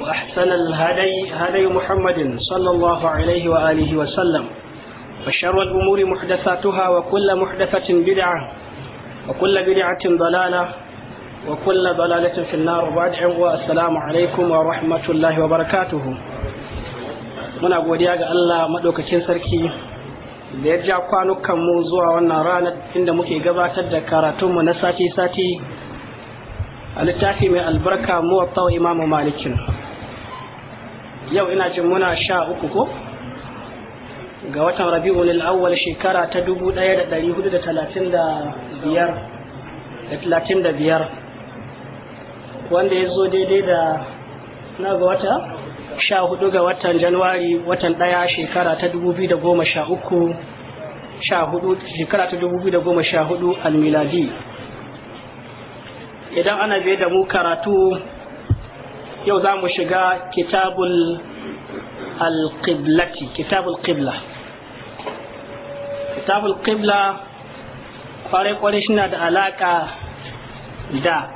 وأحسن الهدي هدي محمد صلى الله عليه وآله وسلم وشر الأمور محدثاتها وكل محدثة بدعة وكل بدعة ضلالة وكل ضلالة في النار وبعد السلام عليكم ورحمة الله وبركاته muna godiya ga Allah maɗaukakin sarki da ya ja kwanukanmu zuwa wannan ranar inda muke gabatar da karatunmu na sati-sati a littafi mai albarka muwatta wa imamu malikin yau ina ce muna sha uku ko ga watan rabi'un al'awwal shekara ta dubu daya da dari hudu da talatin da biyar da talatin da biyar wanda ya zo daidai da na ga wata sha hudu ga watan januwari watan ɗaya shekara ta dubu biyu da goma sha uku sha hudu shekara ta dubu biyu da goma sha hudu almiladi idan ana biye da mu karatu yau za mu shiga kitabul alqiblati kitabul qibla kitabul qibla kwarai-kwarai shi da alaƙa da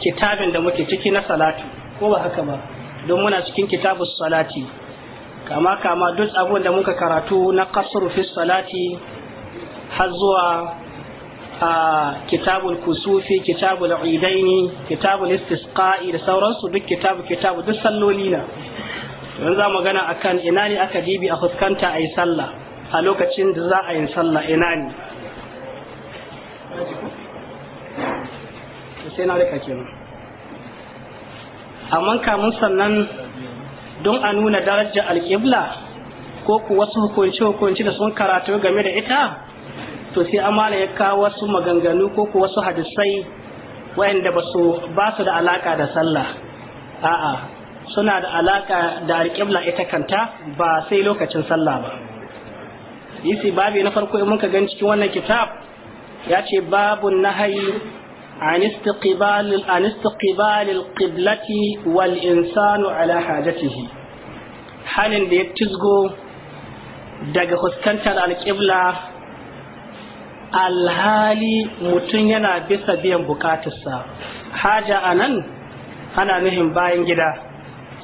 kitabin da muke ciki na salatu ko ba haka ba don muna cikin kitabul salati kama kama duk abin da muka karatu na kasuru fi salati har zuwa kitabul kusufi kitabul idaini kitabul istisqa'i da sauransu duk kitabu kitabu duk salloli na yanzu za magana akan ina ne aka dibi a fuskanta a yi sallah a lokacin da za a yi sallah ina ne sai na rika kenan amma kamun sannan don a nuna darajar alƙibla ko ku wasu hukunci hukunci da sun karatu game da ita to sai amala ya kawo wasu maganganu ko ko wasu hadisai wayanda ba su ba su da alaka da sallah a'a suna da alaka da alƙibla ita kanta ba sai lokacin sallah ba yisi babu na farko in muka gan cikin wannan kitab ya ce babu nahayi عن an عن استقبال wal insanu ala hajatihi halin da ya tizgo daga fuskantar alƙibla alhali mutum yana bisa biyan bukatarsa haja a nan ana nuhin bayan gida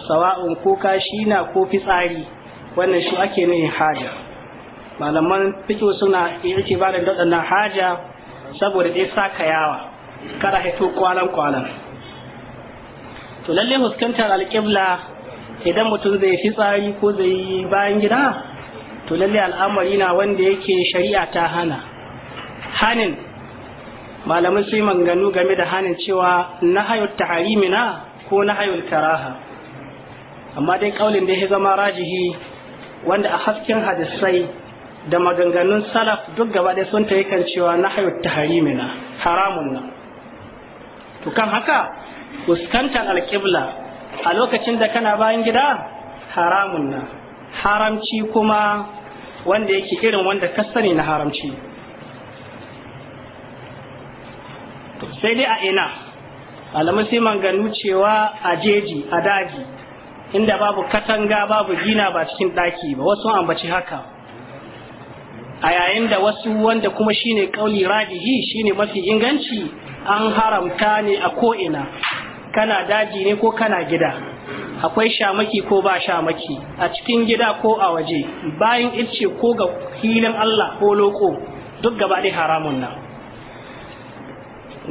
sawa'un ko kashi na ko fitsari wannan shi ake nuhin haja malaman fito suna yake ba da waɗannan haja saboda ɗaya ka yawa kada haito kwalan kwalan to lalle fuskantar alƙibla idan mutum zai fi tsari ko zai yi bayan gida to lalle al'amari na wanda yake shari'a ta hana hanin malamin su yi manganu game da hanin cewa na hayar taharimi ko na hayar karaha amma dai kaulin da ya zama rajihi wanda a hasken hadisai da maganganun salaf duk gaba ɗaya sun ta kan cewa na hayar taharimi haramun nan to kan haka fuskantar alkibla a lokacin da kana bayan gida haramun nan haramci kuma wanda yake irin wanda ka sani na haramci sai dai a ina alamu sai manganu cewa a jeji a daji inda babu katanga babu gina ba cikin ɗaki ba wasu ambaci haka a yayin da wasu wanda kuma shine kauli rajihi shine mafi inganci an haramta ne a ko'ina kana daji ne ko kana gida akwai shamaki ko ba shamaki a cikin gida ko a waje bayan ice ko ga hilin Allah ko loko duk gaba ɗaya haramun nan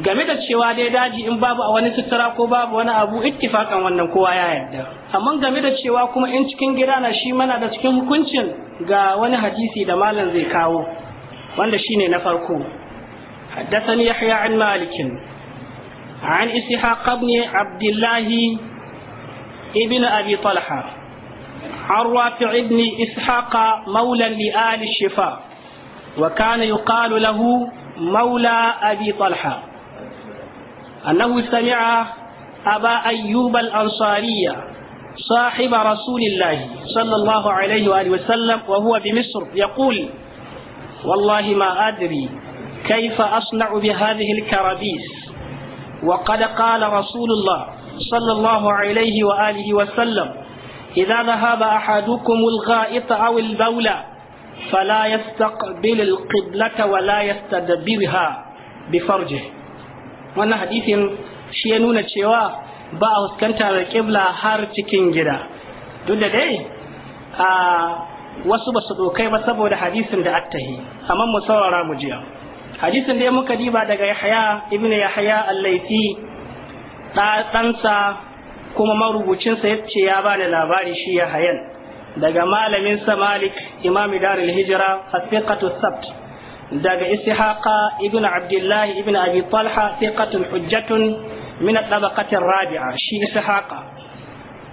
game da cewa dai daji in babu a wani sutura ko babu wani abu ittifakan wannan kowa ya yarda amma game da cewa kuma in cikin gida na shi mana da cikin hukuncin ga wani hadisi da malam zai kawo wanda shine na farko حدثني yahya malikin. مالك عن Ishaq بن عبد Ibn ابن أبي طلحة عن رافع بن إسحاق مولى لآل الشفاء وكان يقال له مولى أبي طلحة أنه سمع أبا أيوب الأنصاري صاحب رسول الله صلى الله عليه وآله وسلم وهو بمصر يقول والله ما أدري كيف أصنع بهذه الكرابيس وقد قال رسول الله صلى الله عليه وآله وسلم إذا ذهب أحدكم الغائط أو البولة فلا يستقبل القبلة ولا يستدبرها بفرجه wannan hadisin shi ya nuna cewa ba a fuskantar kibla har cikin gida duk da dai a wasu ba su dokai ba saboda hadisin da attahi amma mu saurara mu jiya hadisin da muka diba daga yahya ibn yahya al-laifi ɗansa kuma marubucinsa ya ce ya bani labari shi yahayan daga malamin sa malik imam darul hijra as-siqatu sabt daga ishaqa ibn abdullahi ibn abi talha thiqatun hujjatun min at-tabaqati rabi'a shi ishaqa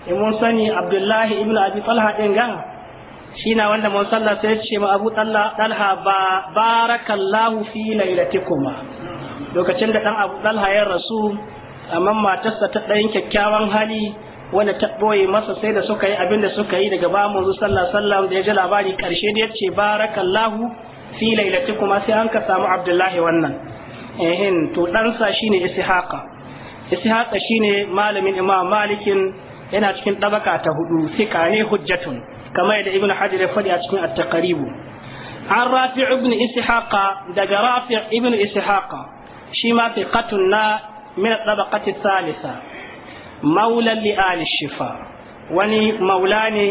in mun sani abdullahi ibn abi talha din ga shi na wanda mun sallah sai ce ma abu talha ba barakallahu fi lailatikuma lokacin da dan abu talha ya rasu amma matarsa ta ɗayan kyakkyawan hali wanda ta boye masa sai da suka yi abin da suka yi daga ba mu sallah sallah da ya ji labari karshe da ya ce barakallahu fi lailati kuma sai an ka samu abdullahi wannan ehin to ɗansa shine ishaqa ishaqa shine malamin imam malikin yana cikin ɗabaka ta hudu sika ne hujjatun kamar yadda ibn hajar ya faɗi a cikin at-taqribu an rafi ibn ishaqa daga rafi ibnu ishaqa shi ma fiqatun na min at-tabaqati thalitha maulan li ali shifa wani maula ne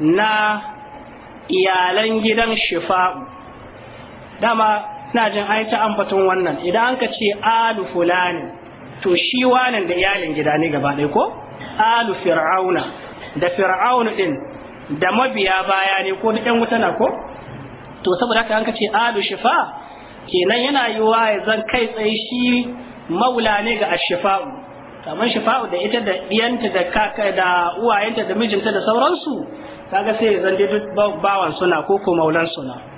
na iyalan gidan shifa'u dama ina jin an ta ambaton wannan idan an ka ce alu fulani to shi wanan da iyalin gida ne gaba ɗaya ko alu fir'auna da fir'auna din da mabiya baya ne ko da yan wuta na ko to saboda haka an ka ce alu shifa kenan yana yiwa ya zan kai tsaye shi maula ne ga ashifa'u kamar shifa'u da ita da diyanta da kaka da uwayenta da mijinta da sauransu kaga sai ya zan dai duk bawan suna ko ko maulan suna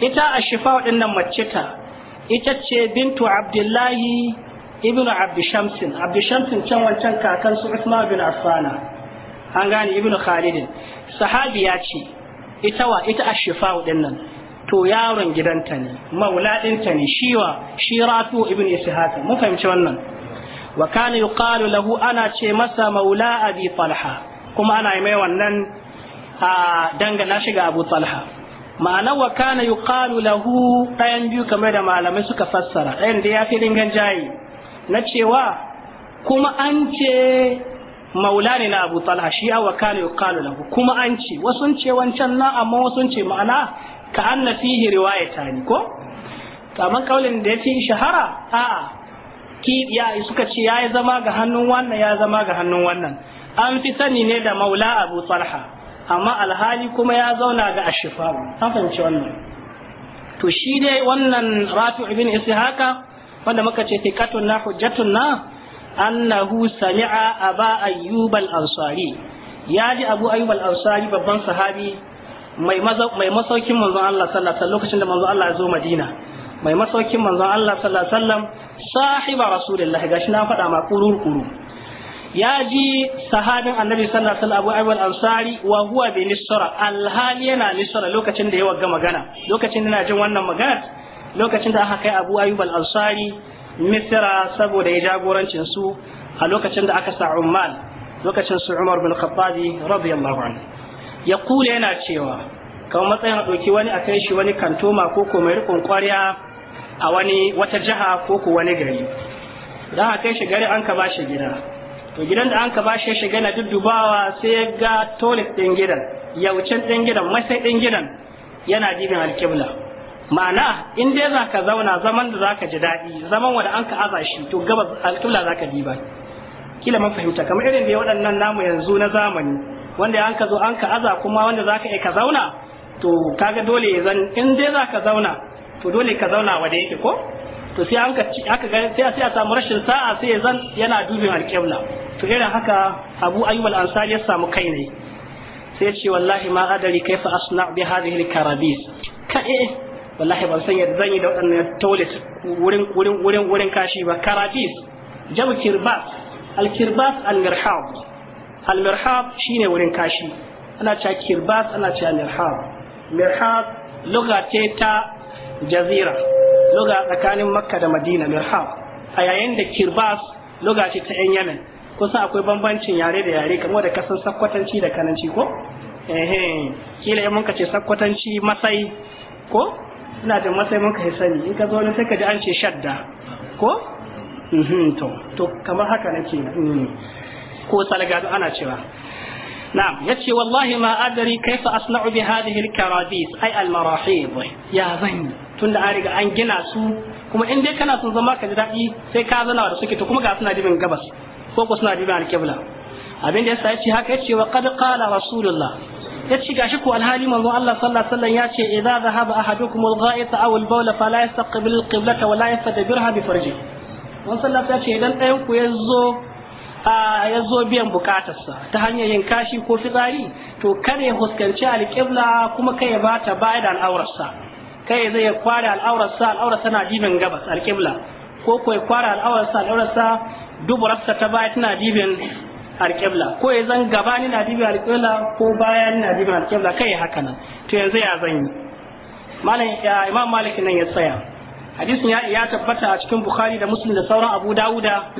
ita ashifa dinnan mace ta ita ce bintu abdullahi ibnu abdu shamsin abdu shamsin can wancan kakan su usman bin affana an gane ibnu khalidin sahabiya ce ita wa ita ashifa dinnan to yaron gidanta ne maula dinta ne shiwa shi rafi ibnu ishaq mun fahimci wannan wa kana yuqalu lahu ana ce masa maula abi talha kuma ana yi mai wannan a dangana shi ga abu talha ma'ana wa kana yuqalu lahu ɗayan biyu kamar da malamai suka fassara ɗayan da ya fi ringan jayi na cewa kuma an ce maula na abu talha shi wa kana yuqalu lahu kuma an ce wasu ce wancan na amma wasu ce ma'ana ka ya fihi ni, ko kamar kaulin da ya fi shahara a ki ya suka ce ya zama ga hannun wannan ya zama ga hannun wannan an fi sani ne da maula abu talha amma alhali kuma ya zauna ga ashifa an fahimci wannan to shi dai wannan rafi ibn ishaqa wanda muka ce thiqatun na hujjatun na annahu sami'a aba ayyub al-ansari ya ji abu ayyub al-ansari babban sahabi mai masaukin manzon Allah sallallahu alaihi lokacin da manzon Allah ya zo Madina mai masaukin manzon Allah sallallahu alaihi wasallam sahiba rasulullahi gashi na faɗa ma kurur kuru ya ji sahabin annabi sallallahu alaihi wasallam abu al ansari wa huwa bi nisra alhali yana nisra lokacin da ya wagga magana lokacin da yana jin wannan magana lokacin da aka kai abu ayyub al-ansari misra saboda ya jagorancin su a lokacin da aka sa umman lokacin su umar bin khattab radiyallahu anhu ya kula yana cewa kamar matsayin a wani a kai shi wani kantoma ko ko mai rukun ƙwarya a wani wata jiha ko ko wani gari da a kai shi gari an ka ba shi gida to gidan da an ka bashi shiga na duddubawa sai ya ga toilet ɗin gidan yaucin ɗin gidan masai ɗin gidan yana dibin alkibla ma'ana in dai za ka zauna zaman da za ka ji daɗi zaman wanda an ka aza shi to gabas alkibla za ka diba kila man fahimta kamar irin da waɗannan namu yanzu na zamani wanda an ka zo an ka aza kuma wanda za ka ka zauna to kaga dole ya zan in dai za ka zauna to dole ka zauna wanda yake ko to sai an ka sai a samu rashin sa'a sai zan yana dubin alƙibla to irin haka abu ayyub al-ansari ya samu kai ne sai ce wallahi ma adari kaifa asna bi hadhihi al-karabis ka eh wallahi ban san yadda zan yi da waɗannan toilet wurin wurin wurin wurin kashi ba karabis jabu kirbas al-kirbas al-mirhab al-mirhab shine wurin kashi ana cewa kirbas ana cewa mirhab mirhab lugha ce ta jazira lugha tsakanin makka da madina mirhab a yayin da kirbas lugha ce ta yan yamen kusan akwai bambancin yare da yare kamar da kasan sakkwatanci da kananci ko eh kila in muka ce sakkwatanci masai ko ina da masai mun yi sani in ka zo ne sai ka ji an ce shadda ko mhm, to to kamar haka nake mm, ko salgado ana cewa Na'am, wallahi نعم يتي والله ما أدري كيف أصنع بهذه الكراديس أي المراحيض Tunda an riga an gina su, kuma in dai kana son zama ka ji daɗi sai ka zana da suke to kuma ga suna jibin gabas ko ko suna diba alƙibla abin da yasa yace haka yace wa qad qala rasulullah yace gashi ko alhali manzo Allah sallallahu alaihi wasallam yace idza dhahaba ahadukum al-gha'ita aw al-bawla fala yastaqbil al-qiblata wa la yastadbirha bi farji wannan sallah ta ce idan ɗayan ku yazo a ya zo biyan bukatarsa ta hanyar yin kashi ko fitsari to kada ya huskanci alƙibla kuma kai ya bata baya da al'aurarsa kai zai ya kware al'aurarsa al'aurarsa na dibin gabas alƙibla ko ko ya kware al'aurarsa al'aurarsa duburarsa ta baya tana dibin alƙibla ko ya zan gaba ni na dibin alƙibla ko baya ni na dibin alƙibla kai haka nan to yanzu ya zan yi malam imam malik nan ya tsaya hadisin ya ya tabbata a cikin bukhari da muslim da sauran abu dauda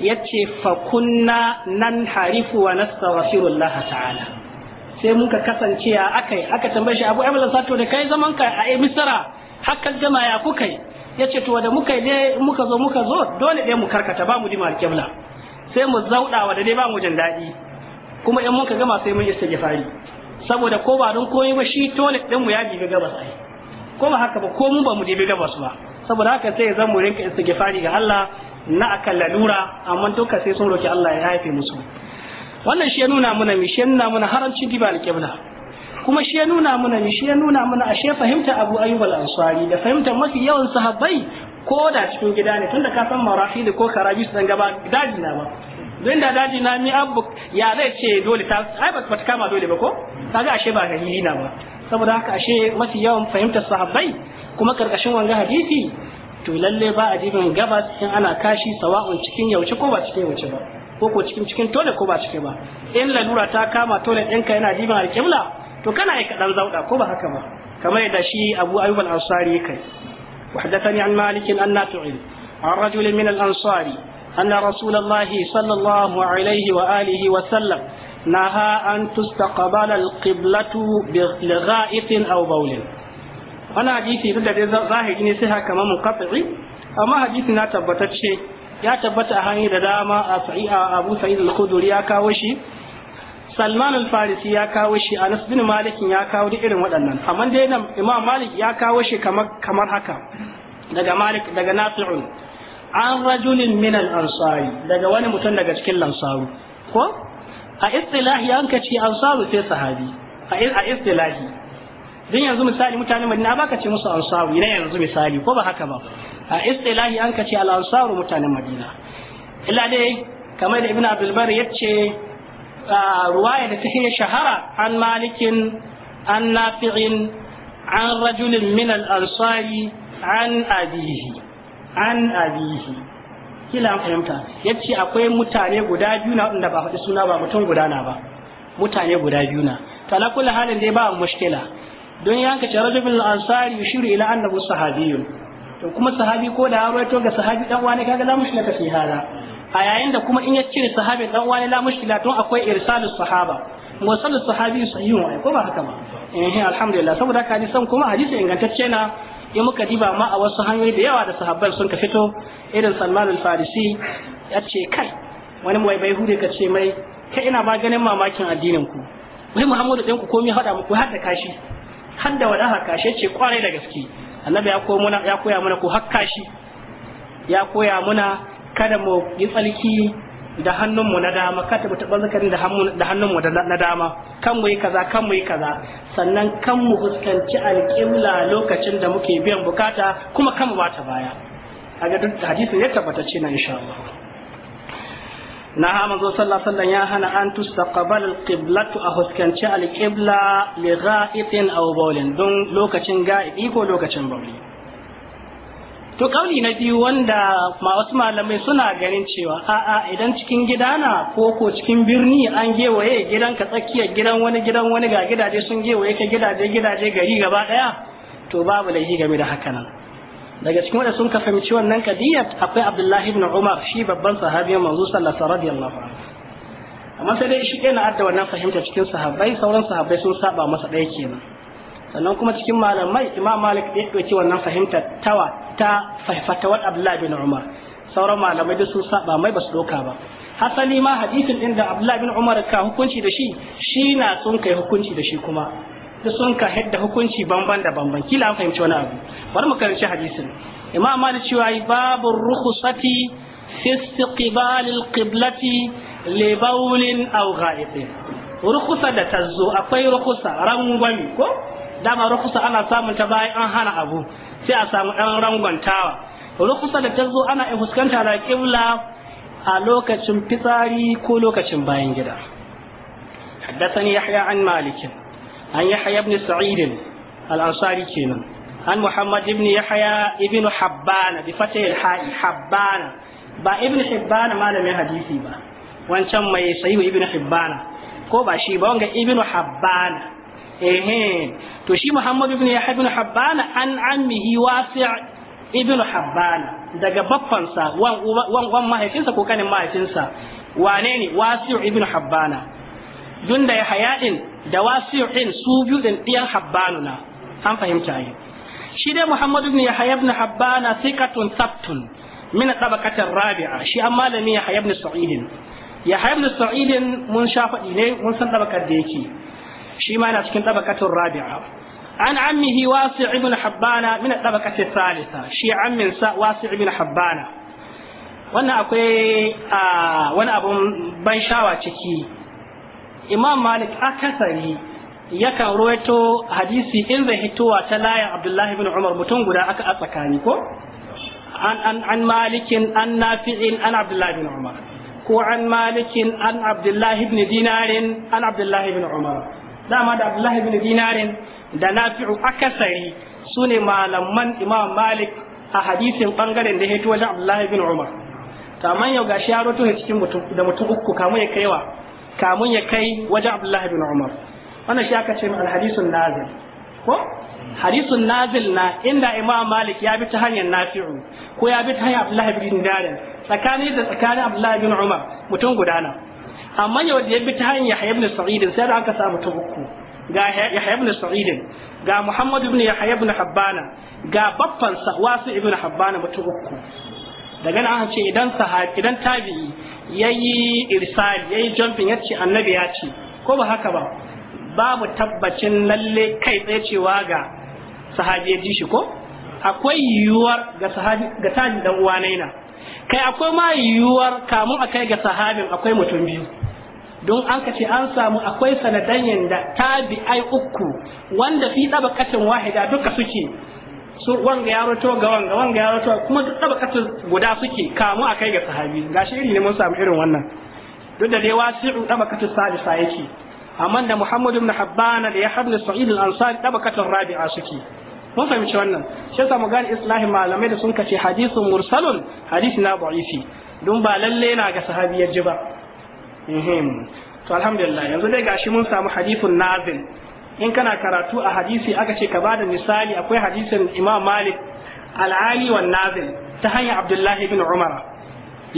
yace fa kunna nan harifu wa nastaghfirullah ta'ala sai muka kasance a akai aka tambaye shi abu ayyul sato da kai zaman ka a eh, misra hakan gama ya kai. yace to da muka je muka zo muka zo dole dai mu karkata ba mu dima alƙibla sai mu zaudawa da dai ba mu jin daɗi kuma in muka gama sai mun istighfari saboda ko ba don koyi ba shi tole din mu ya ga gabas ai ko ba haka ba ko mu ba mu jibi gabas ba saboda haka sai zan mu rinka istighfari ga Allah na akan lalura amma duka sai sun roki Allah ya haife musu wannan shi ya nuna mana mi ya nuna mana haramcin diba alƙibla kuma shi ya nuna mana shi ya nuna mana ashe fahimta Abu Ayyub al-Ansari da fahimtar mafi yawan sahabbai ko da cikin gida ne tunda ka san da ko karaji su gaba daji na ba don da daji na mi abu ya zai ce dole ta ai ba ta kama dole ba ko ga ashe ba hili na ba saboda haka ashe mafi yawan fahimtar sahabbai kuma karkashin wanga hadisi to lalle ba a jibin gabas in ana kashi sawa'un cikin yauce ko ba cikin yauce ba ko ko cikin cikin tole ko ba cikin ba in lalura ta kama tole ɗinka yana jibin alƙibla to kana aika dan zauda ko ba haka ba kamar yadda shi abu al-ansari kai wahdathani an malik an natu'il an rajul min al-ansari anna rasul allah sallallahu alaihi wa alihi wa sallam an tustaqbal al-qiblatu bi lighait aw bawl hadisi da dai zahiri ne sai haka mamun qati'i amma hadisi na tabbatacce ya tabbata a hanyar da dama a sa'i abu sa'id al ya kawo shi salman al-farisi ya kawo shi anas bin malik ya kawo duk irin waɗannan amma dai nan imam malik ya kawo shi kamar kamar haka daga malik daga nafi'un an rajulin min al-ansari daga wani mutum daga cikin lansaru ko a istilahi an ka ce ansaru sai sahabi a istilahi din yanzu misali mutane madina baka ce musu ansaru ne yanzu misali ko ba haka ba a istilahi an ka ce al-ansaru mutanen madina illa dai kamar da ibn abdul bar yace ruwaya da ta shahara an malikin an nafi'in an rajulin min ansari an abihi an abihi kila an fahimta yace akwai mutane guda biyu na ba faɗi suna ba mutum guda na ba mutane guda biyu na to halin dai ba mushkila don yanka ce rajulul ansari shiru ila annahu sahabiyyun to kuma sahabi ko da ya rawaito ga sahabi dan wani kaga za mu shi naka fi a yayin da kuma in ya cire sahabi dan wani la mushkila tun akwai irsalus sahaba mursalus sahabi sahihun ai ko ba haka ba eh alhamdulillah saboda haka kuma hadisi ingantacce na in muka diba ma a wasu hanyoyi da yawa da sahabban sun ka fito irin Salman al-Farisi ya ce kai wani mai bai hude ka ce mai kai ina ba ganin mamakin addinin ku wai Muhammadu ɗan ku komai hada muku har da kashi har da wadaha kashi ce kwarai da gaske annabi ya koya mana ku har kashi ya koya mana kada mu yi tsalki da hannunmu na dama kada mu taɓa zakarin da hannunmu na dama kan mu yi kaza kan mu yi kaza sannan kan mu fuskanci alƙibla lokacin da muke biyan bukata kuma kan mu ba ta baya a ga duk hadisi ya ce na insha Allah نهى من صلى ya hana an tustaqbal alqiblatu a fuskanci alqibla li لغائط aw bawlin don lokacin ga'ibi ko lokacin bawli to kauli na biyu wanda ma wasu malamai suna ganin cewa a'a idan cikin gidana na ko ko cikin birni an gewaye gidan ka tsakiyar gidan wani gidan wani ga gidaje sun gewaye ka gidaje gidaje gari gaba daya to babu laifi game da haka nan daga cikin wanda sun ka fahimci wannan kadiyar akwai abdullahi ibn umar shi babban sahabiyan manzo sallallahu radiyallahu anhu amma sai dai shi ɗaya adda wannan fahimta cikin sahabbai sauran sahabbai sun saba masa ɗaya kenan sannan kuma cikin malamai imam malik da ya ɗauki wannan fahimtar tawa ta fatawar abdullahi bin umar sauran malamai da sun saba mai ba su doka ba hasali ma hadisin din da abdullahi bin umar ka hukunci da shi shi na sun kai hukunci da shi kuma da sun ka hadda hukunci banban da banban kila an fahimci wani abu bari mu karanci hadisin imam malik cewa babu rukhsati fi istiqbal alqiblati li bawlin aw ghaibin rukhsa da tazo akwai rukhsa rangwami ko dama rukusa ana samun ta bayan an hana abu sai a samu ɗan rangwantawa rukusa da ta zo ana fuskanta da ƙibla a lokacin fitsari ko lokacin bayan gida haddathani yahya an malik an yahya ibn sa'id al ansari kenan an muhammad ibn yahya ibn habban bi fatih al ha'i habban ba ibn hibban malamin hadisi ba wancan mai sahihu ibn hibban ko ba shi ba wanga ibn habban ehe to shi Muhammad ibn Yahya ibn Habban an ammihi Wasi' ibn Habban daga baffansa wan wan mahaifinsa ko kanin mahaifinsa wane ne Wasi' ibn Habban dun da Yahya din da Wasi' din su biyu din diyan Habbanuna an fahimta yi shi dai Muhammad ibn Yahya ibn Habban thiqatun sabtun min tabaqatir rabi'a shi amma da ne Yahya ibn Sa'id Yahya ibn Sa'id mun sha faɗi ne mun san tabaqar da yake shi ma yana cikin tabaqatul rabi'a an ammihi wasi' ibn habbana min shi ammin sa wasi' ibn habbana wannan akwai wani abun ban shawa ciki imam malik akasari yakan ruwaito hadisi in zai hitowa ta layin abdullahi ibn umar mutum guda aka a tsakani ko an malikin an nafi'in an abdullahi ibn umar ko an malikin an abdullahi ibn dinarin an abdullahi ibn umar dama da abdullahi bin dinarin da nafi'u akasari sune malaman imam malik a hadisin bangaren da ya hito wajen abdullahi bin umar kaman yau gashi ya roto cikin da mutum uku kamu ya kaiwa kamu ya kai wajen abdullahi bin umar wannan shi aka ce mai alhadisun nazil ko hadisun nazil na inda imam malik ya bi ta hanyar nafi'u ko ya bi ta hanyar abdullahi bin dinarin tsakani da tsakanin abdullahi bin umar mutum gudana amma yau da ya bi ta hanyar Yahya ibn Sa'id sai da aka samu ta uku ga Yahya ibn Sa'id ga Muhammad ibn Yahya ibn Habbana ga babban Wasu ibn Habbana mutum uku daga nan an ce idan sahabi idan tabi'i yayi irsal yayi jumping yace annabi ya ce ko ba haka ba babu tabbacin lalle kai tsaye cewa ga sahabi ya ji shi ko akwai yiwuwar ga sahabi ga tabi dan uwa kai akwai ma yiwuwar kamun akai ga sahabin akwai mutum biyu don an ka ce an samu akwai yanda da tabi'ai uku wanda fi tabakatin wahida duka suke su wanga ya roto ga wanga wanga ya roto kuma duk tabakatin guda suke kamu akai ga sahabi gashi iri ne mun samu irin wannan duk da dai wasi'u tabakatin sadisa yake amma da Muhammad ibn Habban da ya habna Sa'id al-Ansari tabakatin rabi'a suke mun fahimci wannan shi yasa mu gane islahin malamai da sun kace hadisun mursalun hadisi na da'ifi don ba lalle na ga sahabi ya ji ba to alhamdulillah yanzu dai gashi mun samu hadithun nazil in kana karatu a hadisi aka ce ka bada misali akwai hadisin imam malik al'ali wa nazil ta hanyar abdullahi bin umar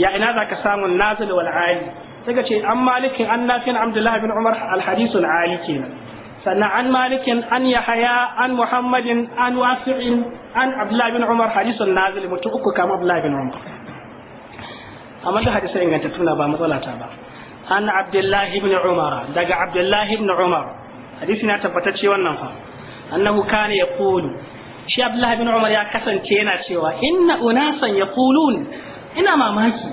ya ina za ka samu nazil wal ali sai ka ce an malikin an nafin abdullahi bin umar al hadisul ali kenan sannan an malikin an yahaya an muhammadin an wasi'in an abdullahi bin umar hadisul nazil mutum uku kama abdullahi bin umar amma da hadisai ingantattu na ba matsala ta ba an abdullahi ibn umar daga abdullahi ibn umar hadisi na tabbatacce wannan fa annahu kana yaqulu shi abdullahi ibn umar ya kasance yana cewa inna unasan yaqulun ina mamaki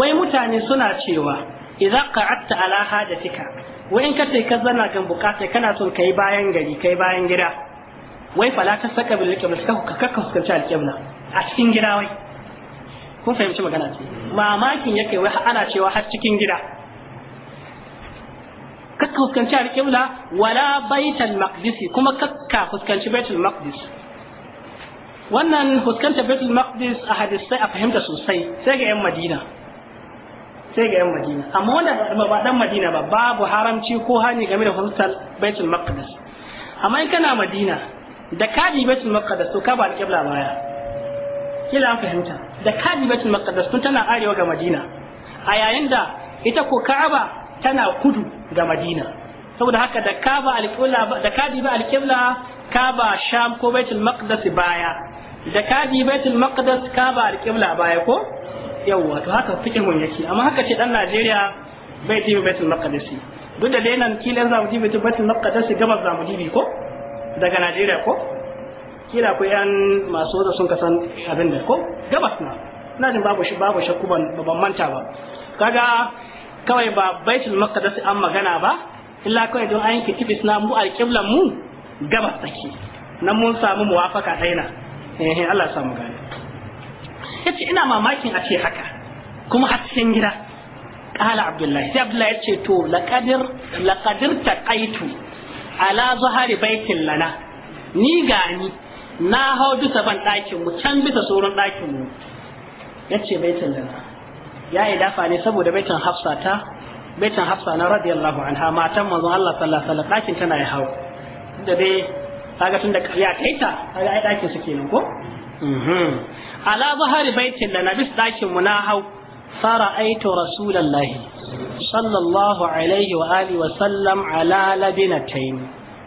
wai mutane suna cewa idza qa'adta ala hajatika wai in sai ka zana kan bukata kana son kai bayan gari kai bayan gida wai fala ta saka bil qibla ka kakka fuskanci al qibla a cikin gida wai kun fahimci magana ce mamakin yake wai ana cewa har cikin gida kakka fuskanci alƙibla wala baitul maqdis kuma kakka fuskanci baitul maqdis wannan fuskantar baitul maqdis a hadisai a fahimta sosai sai ga yan madina sai ga yan madina amma wanda ba dan madina ba babu haramci ko hani game da fuskantar baitul maqdis amma in kana madina da kadi baitul maqdis to ka ba alƙibla baya kila an fahimta da kadi baitul maqdis tun tana arewa ga madina a yayin da ita ko ka'aba tana kudu ga madina saboda haka da ka ba alƙibla da ka ba sham ko baitul maqdis baya da ka diba baitul maqdis ka ba alƙibla baya ko yawwa to haka fikihun yake amma haka ce dan Najeriya bai diba baitul maqdis duk da dai nan kilan za mu diba baitul maqdis gabas za mu dibi ko daga Najeriya ko kila ku yan masu da sun kasan abin da ko gabas na na jin babu shi babu shakku ban manta ba kaga kawai ba baitul maqdis an magana ba illa kawai don an yanke tibis na mu alqiblan mu gabas take nan mun samu muwafaka daina eh Allah ya samu gani yace ina mamakin a ce haka kuma har cikin gida qala abdullahi sai abdullahi yace to laqadir laqadir taqaitu ala zahari baitin lana ni gani na hau bisa ban ɗakin mu can bisa tsoron ɗakin mu yace baitin lana ya dafa ne saboda baitan hafsa ta baitan hafsa na radiyallahu anha matan manzon Allah sallallahu alaihi wasallam dakin tana ya hawo da dai kaga tun da ƙarya kaita kaga ai dakin kenan ko mhm. ala zahari baitin da nabi dakin mu na hau aitu rasulullahi sallallahu alaihi wa عليه wa sallam ala لبنتين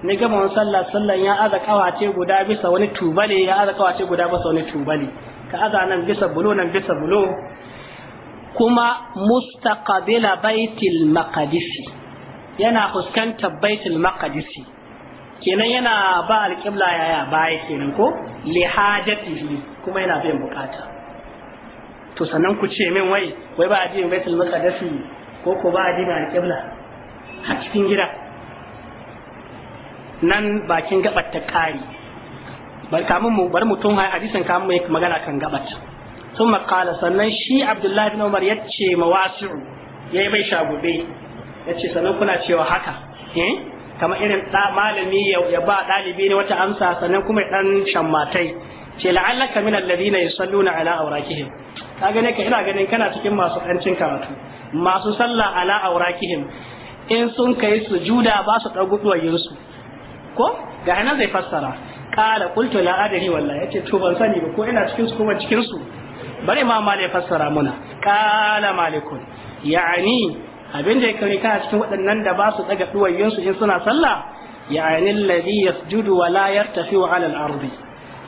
ni ga mun sallah sallan ya aza kawace guda bisa wani tubale ya aza kawace guda bisa wani tubale ka aza nan bisa bulo nan bisa bulo kuma mustaqabila baitil maqdisi yana fuskantar baitul maqdisi kenan yana ba alƙibla yaya baya kenan ko li hajatihi kuma yana biyan bukata to sannan ku ce min wai wai ba a ji baitul maqdisi ko ko ba a ji alƙibla a cikin gida nan bakin gabar ta kari bar kamun mu bar mutum hadisin kamun mai magana kan gabar sun makala sannan shi abdullahi bin umar ya ce ma wasi'u ya yi mai shagube ya ce sannan kuna cewa haka kamar irin malami ya ba ɗalibi ne wata amsa sannan kuma ya ɗan shammatai ce la'allaka min alladhina yusalluna ala awrakihim ka gane ka ina ganin kana cikin masu ƙancin karatu masu sallah ala awrakihim in sun kai sujuda ba su ɗagu ɗuwayensu ko ga nan zai fassara ƙara qultu la adri wallahi yace to ban sani ba ko ina cikin su ko ban cikin su bari ma malik fassara muna kala malikun ya'ani abin da ya kare ka cikin waɗannan da ba su daga duwayen su in suna sallah ya'ani alladhi yasjudu wa la yartafi wa ala al-ardi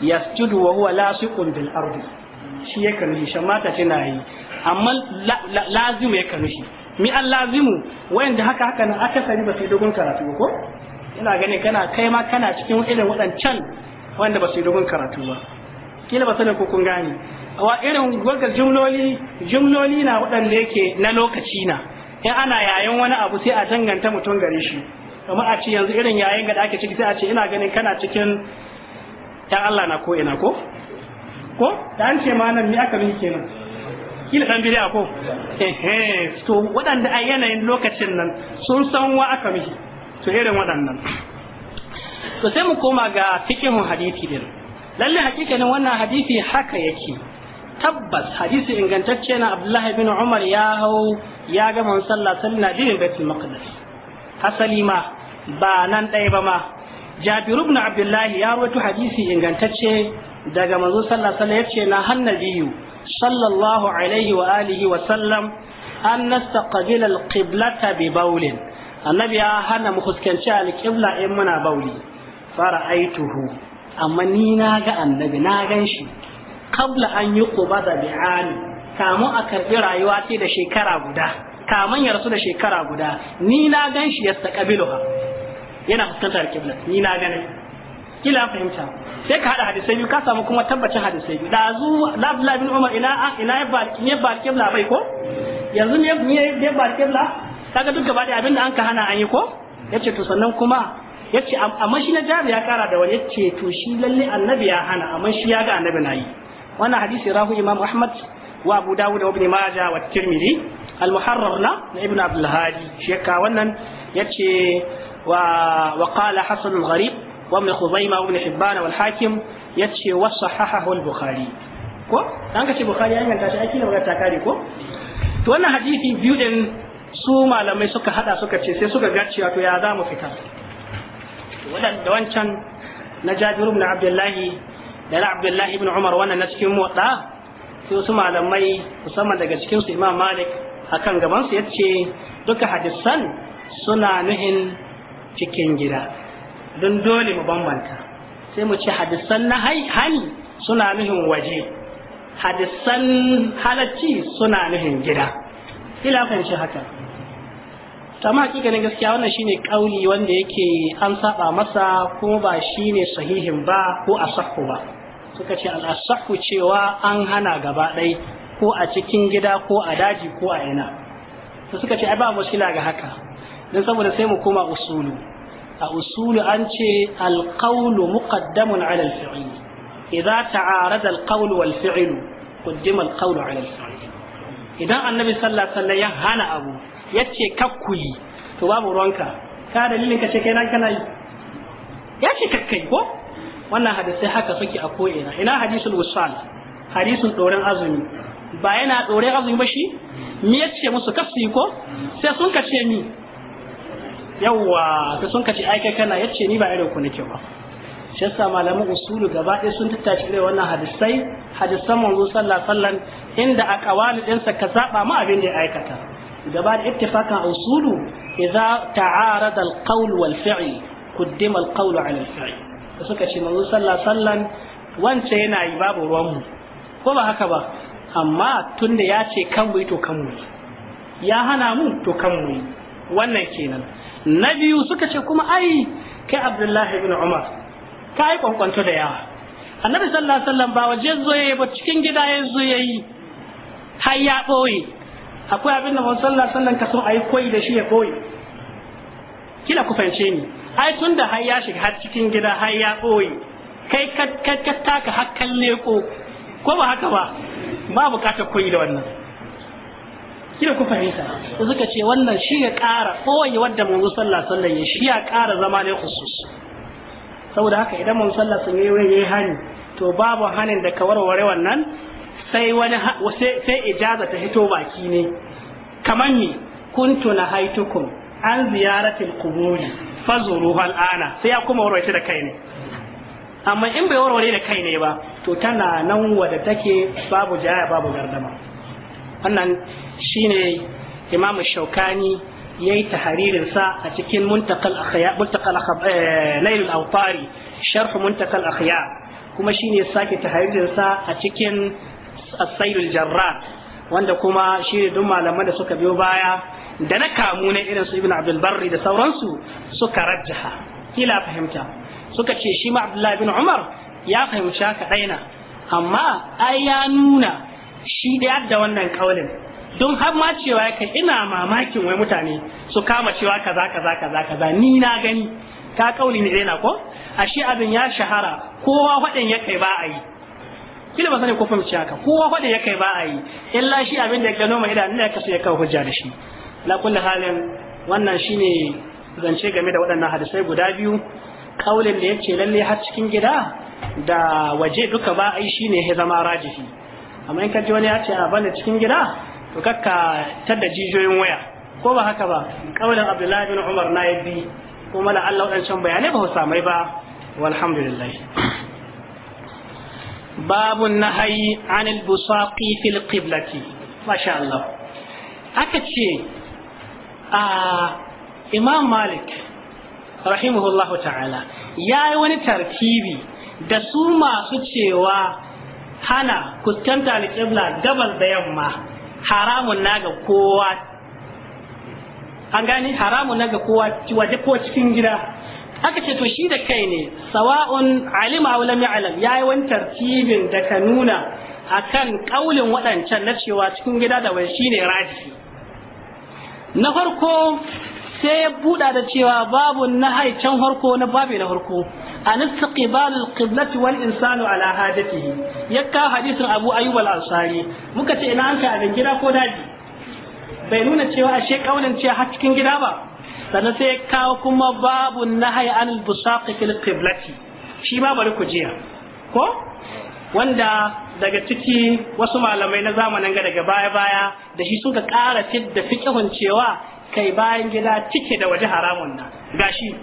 yasjudu wa huwa lasiqun bil ardi shi ya kanu shi mata tana yi amma lazimu ya kanu shi mi an lazimu wayanda haka haka nan sani ba sai dogon karatu ko ina ganin kana kai ma kana cikin irin waɗancan wanda ba su dogon karatu ba kila ba sanin ko kun gane wa irin wagar jumloli jumloli na waɗanda yake na lokaci na in ana yayin wani abu sai a danganta mutum gare shi kuma a ce yanzu irin yayin ga da ake ciki sai a ce ina ganin kana cikin ta Allah na ko ina ko ko da an ce ma nan ni aka miki kenan kila dan bidiya ko eh to waɗanda a yanayin lokacin nan sun san wa aka miki to irin waɗannan to sai mu koma ga fikihun hadisi din lalle hakikanin wannan hadisi haka yake tabbas hadisi ingantacce na abdullahi bin umar ya hau ya ga man sallah na jirin baitul maqdis hasali ma ba nan ɗaya ba ma jabiru ibn abdullahi ya rawaito hadisi ingantacce daga manzo sallah sallah yace na hannabiyu sallallahu alaihi wa alihi wa sallam an nastaqbil al-qiblata bi bawlin annabi ya hana mu fuskanci al-qibla in muna bauli fara aituhu amma ni na ga annabi na gan shi qabla an yi da bi'ani kamun a karɓi rayuwa ce da shekara guda kamun ya rasu da shekara guda ni na gan shi yastaqbiluha yana fuskantar kibla ni na ganin kila fahimta sai ka hada hadisai biyu ka samu kuma tabbacin hadisai biyu dazu labin bin Umar ina ina ya barki ne kibla bai ko yanzu ne ne barki kibla kaga duk gaba da abin da an ka hana an yi ko yace to sannan kuma yace amma shi na jabi ya kara da wani yace to shi lalle annabi ya hana amma shi ya ga annabi na yi wannan hadisi rahu imam ahmad wa abu dawud wa ibn maja wa tirmidhi al muharrar na ibn abdul hadi shi ka wannan yace wa wa qala hasan al gharib wa ibn khuzaimah wa ibn hibban wal hakim yace wa sahahahu al bukhari ko an ka ce bukhari an ganta shi aiki ne ta kare ko to wannan hadisi biyu din su malamai suka hada suka ce sai suka gaci cewa ya za mu fita. fitar da wancan na jabiru na abdullahi da na abdullahi ibn umar wannan na cikin motsa sai wasu malamai musamman daga cikin su imam malik akan gaban su yace duka hadisan suna nuhin cikin gida don dole mu bambanta sai mu ce hadisan na hali suna nuhin waje hadisan halacci suna nuhin gida ila ce haka amma hakikanin gaskiya wannan shine kauli wanda yake an saba masa ko ba shine sahihin ba ko asahhu ba suka ce al'asahu cewa an hana gaba ɗai ko a cikin gida ko a daji ko a ina to suka ce ai ba mushkila ga haka don saboda sai mu koma usulu a usulu an ce alqawlu muqaddamun ala alfi'l idza ta'arada alqawlu wal fi'l qaddima alqawlu ala alfi'l idan annabi sallallahu alaihi wasallam ya hana abu yace kakkuyi to babu ruwanka ka dalilin ka ce kai nan kana yi ya kakkai ko wannan hadisai haka suke a ko'ina ina hadisul wusal hadisun doren azumi ba yana doren azumi ba shi me yace musu kasu yi ko sai sun kace mi yawwa sai sun kace ai kai kana yace ni ba irin ku nake ba shi yasa malaman usulu gaba ɗaya sun tattace irin wannan hadisai hadisan manzo sallallahu alaihi wasallam inda aqwali ɗinsa ka zaɓa ma abin da ya aikata gaba da ittifakan usulu idza ta'arada al-qawl wal fi'l qaddima al-qawl 'ala al-fi'l da suka ce manzo sallah sallan wance yana yi babu ruwanmu ko ba haka ba amma tunda ya ce kan mu to kan mu ya hana mu to kan mu wannan kenan na biyu suka ce kuma ai kai abdullahi ibn umar ka yi kwankwanto da yawa annabi sallallahu alaihi wasallam ba waje zo yayi ba cikin gida ya zo yayi har ya boye akwai abinda da manzo sallallahu alaihi wasallam ka so ai koyi da shi ya boye kila ku fahimce ni ai tun da har ya shiga har cikin gida har ya ɓoye kai ka taka hakan leko ko ba haka ba ba bukatar koyi da wannan kira ku fahimta suka ce wannan shi ya ƙara ɓoye wadda manzo sallah sallah ya shi ya ƙara zama ne khusus saboda haka idan manzo sallah sun yi yayi hani to babu hanin da ka warware wannan sai wani sai ijaza ta hito baki ne kamar ni kuntuna haitukum an ziyaratil quburi fazuru ana sai ya kuma warware da kai ne amma in bai warware da kai ne ba to tana nan wadda take babu jaya babu gardama wannan shine imamu shaukani yayi tahririn sa a cikin muntakal akhya muntakal nail eh, al muntakal akhya kuma shine sake taharirin sa a cikin as Jarra, wanda kuma shine duk malaman da suka biyo baya da na kamu na irin su ibn abdul barri da sauransu suka rajjaha kila fahimta suka ce shi ma abdullahi bin umar ya fahimci haka daina amma ai ya nuna shi da yadda wannan kaulin don har ma cewa kai ina mamakin wai mutane su kama cewa kaza kaza kaza kaza ni na gani ka kauli ne daina ko ashe abin ya shahara kowa fadin ya kai ba a yi kila ba sani ko fahimci haka kowa fadin ya kai ba a yi illa shi abin da ya gano mai idan ne ya kasu ya kawo hujja da shi na kulle halin wannan shine zance game da waɗannan hadisai guda biyu kaulin da yace lalle har cikin gida da waje duka ba ai shine ya zama rajihi amma in kaji wani ya ce a bane cikin gida to kakka tadda jijiyoyin waya ko ba haka ba kaulin abdullahi bin umar na yabi kuma la Allah wadancan bayanai ba samai ba walhamdulillah babun nahayi anil busaqi fil qiblati masha Allah aka ce imam malik rahimahullahu ta'ala ya yi wani tartibi da su masu cewa hana kuskanta alƙibla gabas da yamma haramun na ga kowa an gani haramun na ga kowa waje ko cikin gida aka ce to shi da kai ne sawa'un alima aw lam ya'lam yayi wani tartibin da ka nuna akan kaulin waɗancan na cewa cikin gida da wai shine raji na farko sai ya buɗa da cewa babu na haicen farko na babi na farko an istiqbalul qiblati wal insanu ala Ya yakka hadisin abu ayyub al ansari muka ce ina an ka a gida ko daji bai nuna cewa ashe kaulin ce har cikin gida ba sannan sai ya kawo kuma babu nahyi anil busaqi fil qiblati shi ma bari ku jiya ko wanda daga ciki wasu malamai na zamanin ga daga baya-baya da shi suka ƙara da fiƙihun cewa kai bayan gida cike da waje haramun na gashi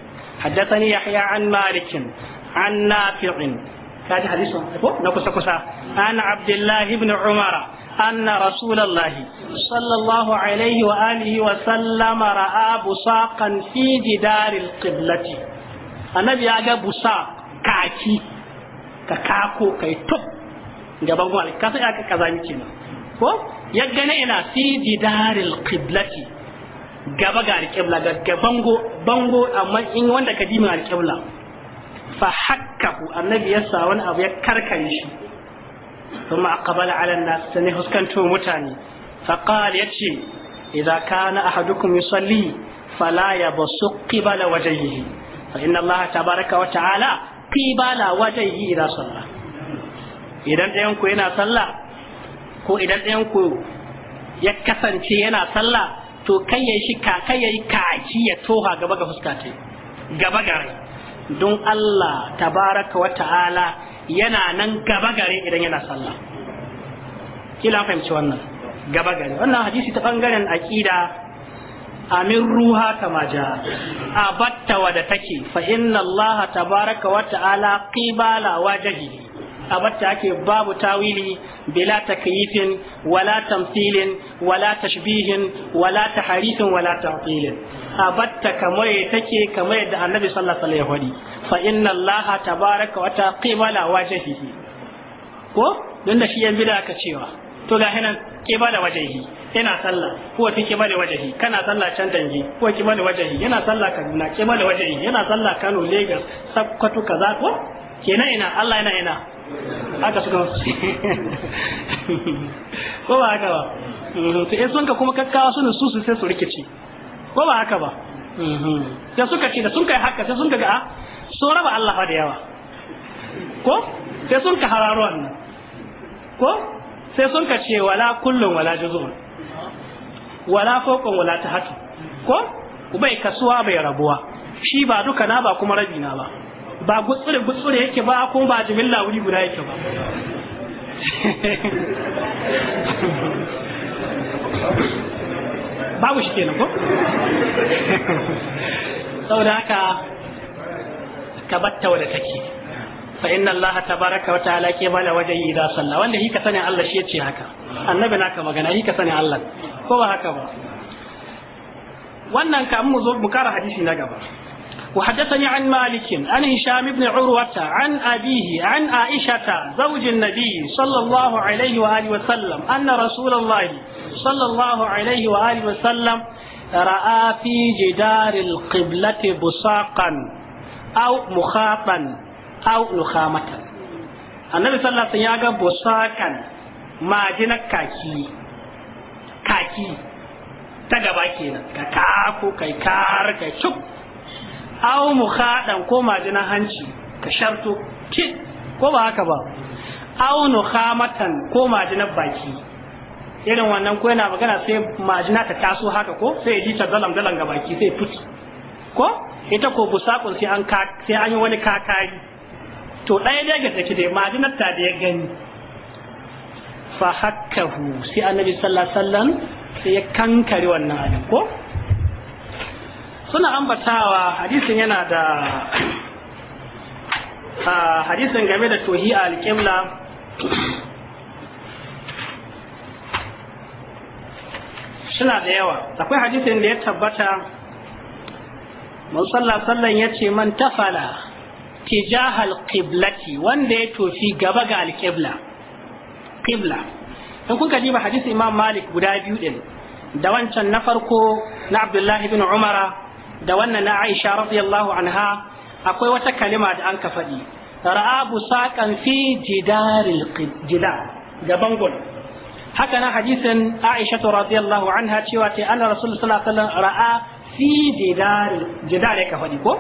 haddathani yahya an malikin an nafi'in kaji hadisu ko na kusa kusa an abdullah ibn umara anna rasulullah sallallahu alaihi wa alihi wa sallama ra'a busaqan fi jidaril qiblati annabi ya ga busa kaki ka kako kai tuf gaban gwal kaza miki ko ya gane ina fi jidaril qiblati gaba ga alqibla ga bango bango amma in wanda ka dimin alqibla fa hakkahu annabi ya sa wani abu ya karkare shi kuma aqbala ala nas sani huskanto mutane fa qala yace idza kana ahadukum yusalli fala yabsuq qibala wajhihi fa inna allaha tabaraka wa ta'ala qibala wajhihi ila sallah idan ɗayan ku yana sallah ko idan ɗayan ku ya kasance yana sallah to kai ya shi kai ya yi kaki ya toha gaba ga fuska ta gaba gare don Allah tabaraka wa ta'ala yana nan gaba gare idan yana sallah kila fahimci wannan gaba gare wannan hadisi ta bangaren aqida amin ruha kama ja a batta wadda take fa inna Allah tabaraka wa ta'ala qibala wajhihi a batta ake babu tawili bila takyifin wala tamthilin wala tashbihin wala taharifin wala ta'tilin a batta kamar take kamar yadda annabi sallallahu alaihi wasallam fa inna Allah tabaraka wa ta'ala qibala ko don da shi yan bida ka cewa to ga hinan da wajahi yana sallah ke ba da wajahi kana sallah can ke ba da wajahi yana sallah Kaduna da wajahi yana sallah Kano Lagos Sokoto kaza ko kenan ina Allah yana ina haka suka ko ba haka ba mhm, to in sun ka kuma kakkawa ne su su sai su rikici ko ba haka ba mhm. sai suka ce da sun kai haka sai sun ga a ah, so raba Allah da yawa ko sai sun ka hararo wannan ko sai sun ka ce wala kullum wala juzun wala fokon wala ta tahatu ko bai kasuwa bai rabuwa shi ba duka na ba kuma rabi na ba ba gutsure gutsure yake ba kuma ba jimilla wuri guda yake ba babu shi kenan ko saboda haka ka batta wadda take fa inna allaha tabaraka wa ta'ala ke bala wajen idza wanda hika sani Allah shi haka annabi naka magana hika sani Allah ko ba haka ba wannan kam mu zo mu kara hadisi na gaba وحدثني عن مالك عن هشام بن عروة عن أبيه عن عائشة زوج النبي صلى الله عليه وآله وسلم أن رسول الله صلى الله عليه وآله وسلم رأى في جدار القبلة بصاقا أو مخاطا aw nukhamata annabi sallallahu alaihi wasallam ya ga bosakan majinar kaki kaki ta gaba kenan ka ka ko kai kar ka chuk aw mukhadan ko majinar hanci ka sharto ki ko ba haka ba aw nukhamatan ko majinar baki irin wannan ko yana magana sai majina ta taso haka ko sai ji ta dalam dalan ga baki sai fiti ko ita ko busakun sai an sai an yi wani kakari to ɗaya ga tsaki dai ta da ya gani fa hakkahu sai annabi sallallahu alaihi wasallam sai ya kankare wannan abin ko suna ambatawa hadisin yana da hadisin game da tohi a alƙibla suna da yawa akwai hadisin da ya tabbata mun sallah sallan ya ce man tafala tijahal qiblati wanda ya tofi gaba ga alqibla qibla in kun kaji ba hadisi imam malik guda biyu ɗin da wancan na farko na abdullahi bin umara da wannan na aisha radiyallahu anha akwai wata kalima da an ka faɗi ra'a busaqan fi jidaril jidar gaban gona haka na hadisin Aisha radiyallahu anha cewa ce anna rasul da alaihi wasallam ra'a fi jidar ka faɗi ko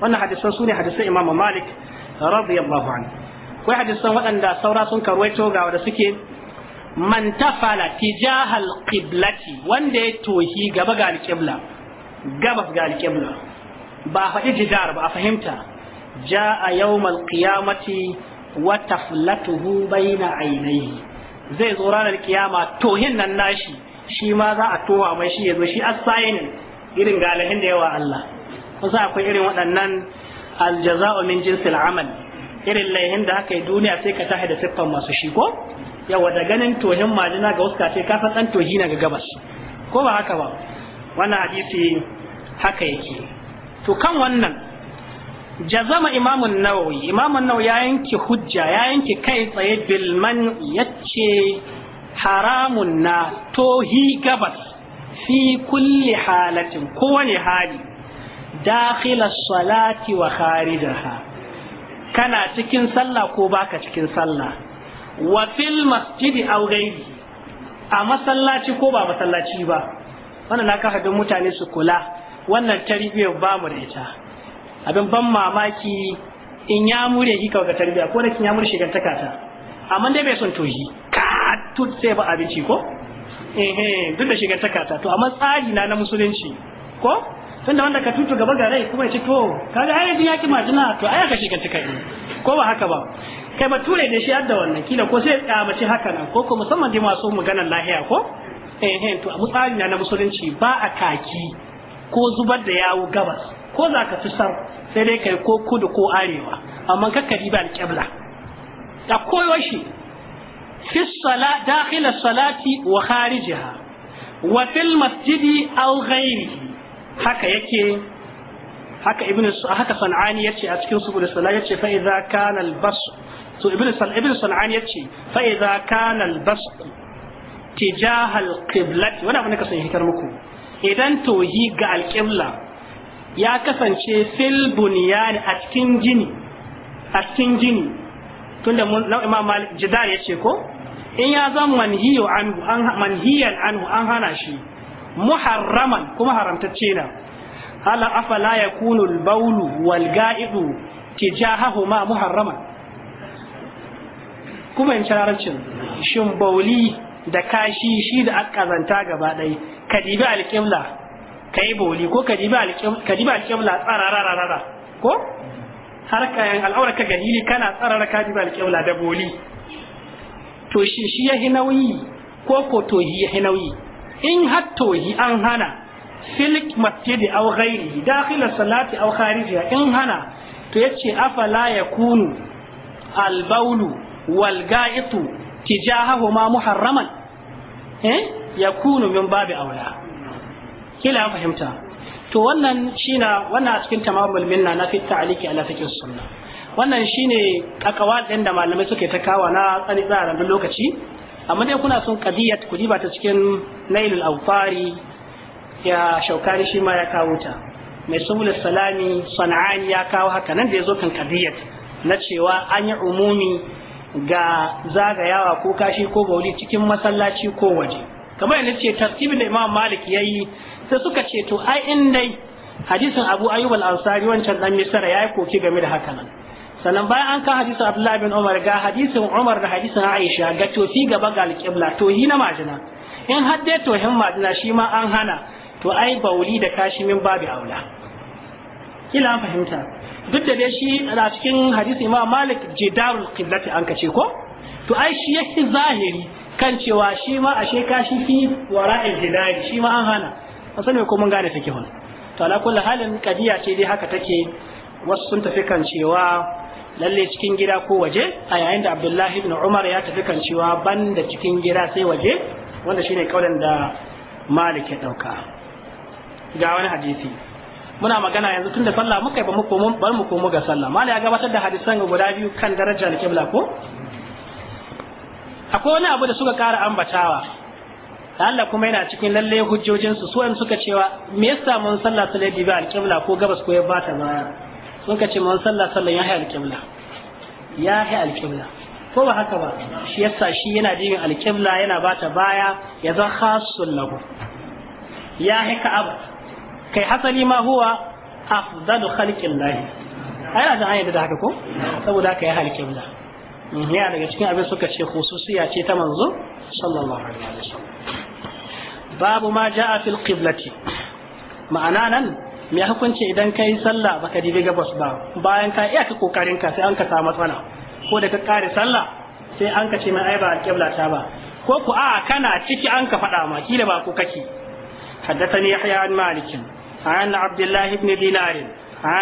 wannan hadisan ne hadisan Imam Malik radiyallahu anhu ko hadisan waɗanda saura sun karwaito ga wanda suke man tafala tijahal qiblati wanda ya tohi gaba ga alqibla gabas ga alqibla ba faɗi jidar ba a fahimta ja'a yawmal qiyamati wa taflatuhu bayna ainihi zai zo ranar kiyama tohin nan nashi shi ma za a towa mai shi ya zo shi asayin irin galahin da yawa Allah kusa akwai irin waɗannan aljaza'u min jinsil amal irin laihin da aka yi duniya sai ka tahi da siffan masu shi ko yawa da ganin tohin majina ga wasu kafe kafa ɗan tohi ga gabas ko ba haka ba wannan hadisi haka yake to kan wannan jazama imamun nawawi imamun nawawi ya yanke hujja ya yanke kai tsaye bilman yace haramun na tohi gabas fi kulli halatin kowane hali Dakila salati wa kharijaha kana cikin sallah ko baka cikin sallah wa fil masjidi aw ghairi a masallaci ko ba masallaci ba wannan na kafa don mutane su kula wannan tarbiyyar ba mu da ita abin ban mamaki in ya mure shi ga tarbiyya ko da kin ya mure shi gantaka ta amma dai bai son tohi ka tut sai ba abinci ko eh eh duk da shi gantaka ta to amma tsari na na musulunci ko tunda wanda ka tutu gaba ga rai kuma ya ce to kaga ai ya ki majina to ai ka shiga kai, ko ba haka ba kai ba ture da shi da wannan kila ko sai ya mace haka nan ko ko musamman dai masu maganar lahiya ko eh eh to a mutsari na musulunci ba a kaki ko zubar da yawo gabas ko za ka fi sar sai dai kai ko kudu ko arewa amma kakkari ba alƙibla da koyo shi fi sala dakhil salati wa kharijaha wa fil masjidi aw ghayrihi haka yake haka ibn haka sanani yace a cikin subul salat yace fa idza kana al basq to ibn san ibn sanani yace fa idza kana al basq tijaha al qiblati wanda abin hikar muku idan tohi ga al qibla ya kasance fil bunyan a cikin jini a cikin jini tunda mun imam malik jidar yace ko in ya zama manhiyu anhu an manhiyan anhu an hana shi muharraman kuma haramtacce na ala afala yakunu al-bawlu wal ga'idu tijahahuma muharraman kuma in larabcin shin bauli da kashi shi da aka zanta gaba ɗai ka dibi ka yi bauli ko ka dibi alƙibla tsararararara ko har kayan al'aura ka gani kana tsarara kadibi dibi alƙibla da bauli to shi shi ya nauyi ko ko to ya nauyi in hattohi an hana filik masjidi aw ghairihi dakhila salati aw kharijiha in hana to yace afala yakunu albaulu wal ga'itu tijahahuma muharraman eh yakunu min babi aula kila fahimta to wannan shina wannan a cikin tamamul minna na fi ta'liki ala fiqh sunna wannan shine akawal din da malamai suke ta kawa na tsani tsara lokaci amma dai kuna son qadiyat ku ba ta cikin nailul awfari ya shaukani shi ma ya kawo ta mai subul salami sana'an ya kawo haka nan da yazo kan qadiyat na cewa an yi umumi ga zagayawa ko kashi ko bauli cikin masallaci ko waje kamar yadda ce tartibin da imam malik yayi sai suka ce to ai in dai hadisin abu ayyub al-ansari wancan dan misra yayi koki game da haka nan sannan bayan an ka hadisin abdullahi bin umar ga hadisin umar da hadisin aisha ga tofi gaba ga alƙibla tohi na majina in har dai tohin majina shi ma an hana to ai bauli da kashimin babu aula kila an fahimta duk da dai shi a cikin hadisi imam malik jidarul qiblati an kace ko to ai shi yake zahiri kan cewa shi ma ashe kashi fi wara'il jidari shi ma an hana asali ko mun gane take hon to ala kulli halin kadiya ce dai haka take wasu sun tafi kan cewa lalle cikin gida ko waje a yayin da abdullahi ibn umar ya tafi kan cewa ban da cikin gida sai waje wanda shine kaulan da malik ya dauka ga wani hadisi muna magana yanzu tunda sallah muka ba mu komo bar mu komo ga sallah malik ya gabatar da hadisan guda biyu kan darajar kibla ko akwai wani abu da suka kara ambatawa Allah kuma yana cikin lalle hujjojinsu su suka cewa me yasa mun sallah sai bi al-qibla ko gabas ko ya bata baya sun ka ce man sallah sallan ya haɗa alƙibla ya ko ba haka ba shi yasa shi yana jin alƙibla yana bata baya ya zan khasun lahu ya haɗa ka'aba kai hasali ma huwa afdalu khalqin lahi ai da an da haka ko saboda haka ya alƙibla mhm, yana daga cikin abin suka ce khususiya ce ta manzo sallallahu alaihi wasallam babu ma ja'a fil qiblati ma'ana nan me hukunci idan kai sallah baka dibi gabas ba bayan ka iya ka kokarin ka sai an ka samu matsala ko da ka kare sallah sai an ka ce mai ai ba alƙibla ta ba ko ku a kana ciki an ka faɗa ma kila ba ku kake haddathani yahya an malik an abdullah ibn dinar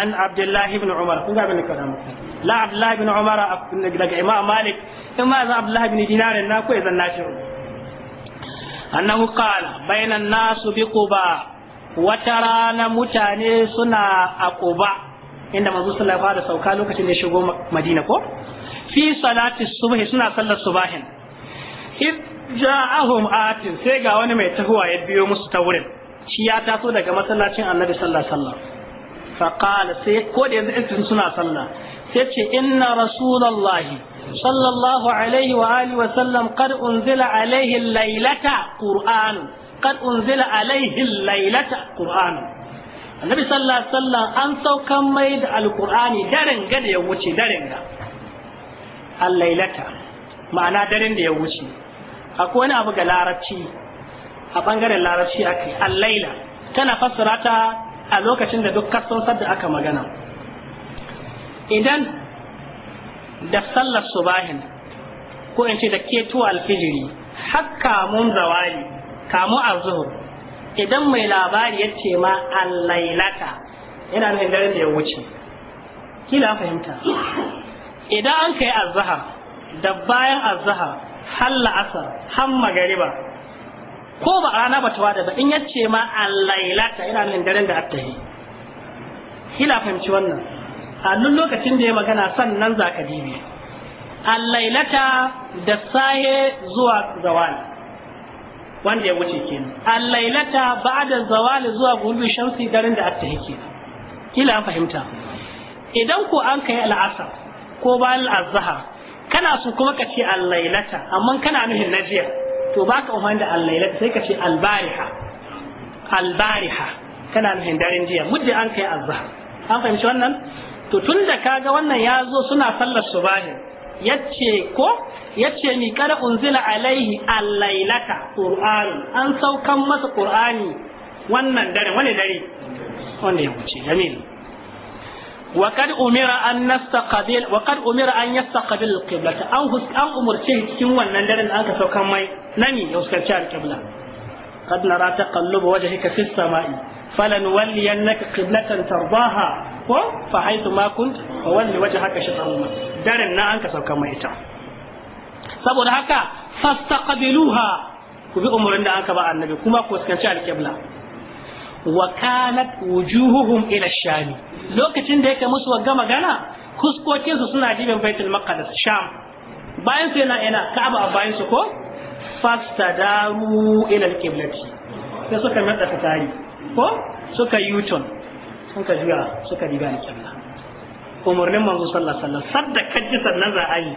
an abdullah ibn umar kun ga bin karam la abdullah ibn umar daga imam malik in ma za abdullah ibn dinar na ko zan nashi annahu qala bayna an-nas bi quba wata rana mutane suna a ƙuba inda manzo sallallahu alaihi sauka lokacin da ya shigo Madina ko fi salati subhi suna sallar subahin id ja'ahum atin sai ga wani mai tahuwa ya biyo musu ta wurin shi ya taso daga masallacin Annabi sallallahu alaihi wasallam fa qala sai ko da yanzu suna sallah sai ce inna rasulullahi صلى الله عليه وآله وسلم قد أنزل عليه Laylata قرآن qad unzila alaihi lailata qur'anu annabi sallallahu alaihi wasallam an saukan mai da alqur'ani daren ga da ya wuce daren ga al-lailata ma'ana daren da ya wuce akwai wani abu ga larabci a bangaren larabci akai al-laila tana fassarata a lokacin da duk kasausar da aka magana idan da sallar subahin ko in ce da keto alfijiri hakka mun zawali kamu a zuhur idan mai labari ya ce ma alailata yana nufin daren da ya wuce kila fahimta idan an kai azhar da bayan azhar har la'asar har magariba ko ba rana ba ta da ba in ya ce ma alailata yana nufin daren da attahi kila fahimci wannan a duk lokacin da ya magana sannan za ka dibi alailata da sahe zuwa zawani. wanda ya wuce kenan al-lailata ba'da zawali zuwa gulubi shamsi garin da atta yake kila an fahimta idan ko an kai al-asr ko bayan al-azhar kana so kuma ka ce al-lailata amma kana nuhin najiya to baka umarni da al-lailata sai ka ce al-bariha al-bariha kana nuhin daren jiya muddin an kai al azhar an fahimci wannan to tunda kaga wannan ya zo suna sallar subahin yace ko yace ni kada unzila alaihi al-lailata qur'an an saukan masa qur'ani wannan dare wani dare wanda ya wuce jamil wa kad umira an nastaqbil wa kad umira an yastaqbil al-qiblata an hus an umurce cikin wannan daren an aka saukan mai nani ya uskarci al-qibla qad nara taqallubu wajhika fis sama'i falanwalliyannaka qiblatan tardaha ko fa haitu ma kunt fa walli wajhaka shatr al daren na an ka sauka mai ita saboda haka fastaqbiluha ku bi umurin da aka ba annabi kuma ku fuskanci alqibla wa kanat wujuhuhum ila shami lokacin da yake musu wagga magana kuskokin su suna jibin baitul maqdis sham bayan su yana ina ka'aba a bayan su ko fastadaru ila alqiblati sai suka nada tari. ko suka yuton suka ka juya suka riga ni kibla umarnin manzo sallallahu alaihi wasallam sadda kaji sannan za a yi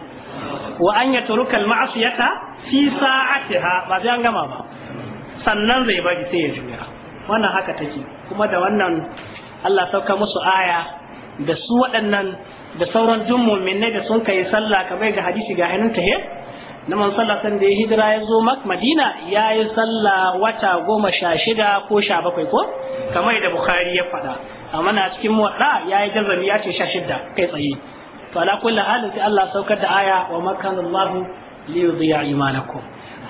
wa an turuka al ma'siyata fi sa'atiha ba sai an gama ba sannan zai bari sai ya juya wannan haka take kuma da wannan Allah sauka musu aya da su waɗannan da sauran duk ne da sun kai sallah kamar ga hadisi ga hannun he. na man sallasan da ya hijira ya zo mak madina ya yi sallah wata goma sha shida ko sha bakwai ko kamar da bukhari ya faɗa amma na cikin muwadda ya yi jazami ya ce sha shida kai tsaye to ala kulli halin sai Allah saukar da aya wa makan Allah li yudhi'a imanakum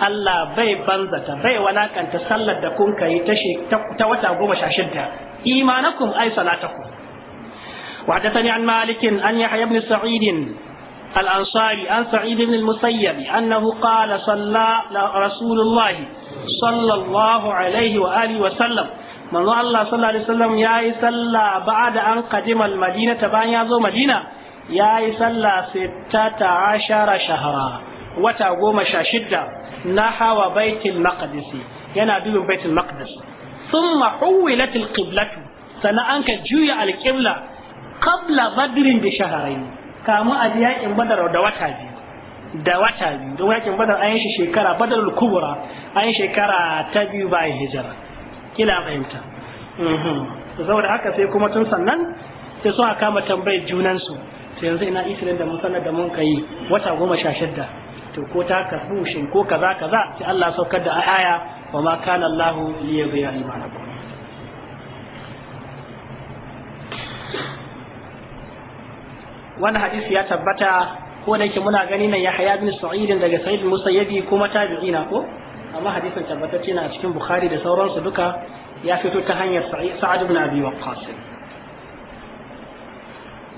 Allah bai banzata bai walakanta sallar da kun kai ta wata goma sha shida imanakum ay salatakum وحدثني an مالك أن يحيى بن سعيد الأنصاري عن سعيد بن المسيب أنه قال صلى رسول الله صلى الله عليه وآله وسلم من الله صلى الله عليه وسلم يا صلى بعد أن قدم المدينة بان يزو مدينة يا صلى ستة عشر شهرا وتقوم شاشدة نحو بيت المقدس ينادل بيت المقدس ثم حولت القبلة سنأنك جوي القبلة قبل بدر بشهرين Kamu a ji yakin badar da wata biyu da wata biyu don yakin badar an yi shi shekara badar kubura an yi shekara ta biyu bayan hijira kila fahimta mhm. saboda haka sai kuma tun sannan sai suna kama tambayar junansu sai yanzu ina isirin da mun da mun kai wata goma sha shidda to ko ta kasu shin ko kaza kaza sai Allah saukar da aya wa ma kana Allah li wannan hadisi ya tabbata ko da yake muna gani nan Yahya bin Sa'id daga Sa'id Musayyabi kuma tabi'ina ko amma hadisin tabbatacce na a cikin Bukhari da sauransu duka ya fito ta hanyar Sa'ad ibn Abi Waqqas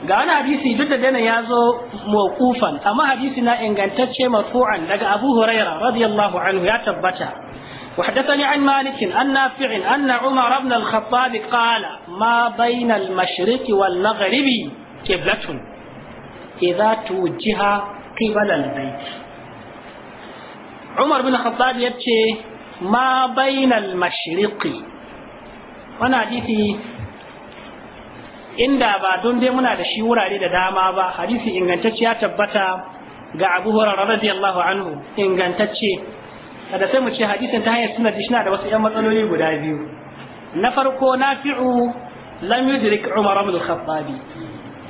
ga wani hadisi duk da dana ya zo mawqufan amma hadisi na ingantacce marfu'an daga Abu Huraira radiyallahu anhu ya tabbata وحدثني عن مالك عن نافع أن عمر بن الخطاب قال ما بين المشرق والمغرب قبلة idza tujiha qibala albayt Umar bin Khattab yace ma bainal mashriqi wannan hadisi inda ba don dai muna da shi wurare da dama ba hadisi ingantacce ya tabbata ga Abu Hurairah radiyallahu anhu ingantacce kada sai mu ce hadisin ta hanyar sunan shi da wasu ƴan matsaloli guda biyu na farko nafi'u lam yudrik Umar ibn Khattabi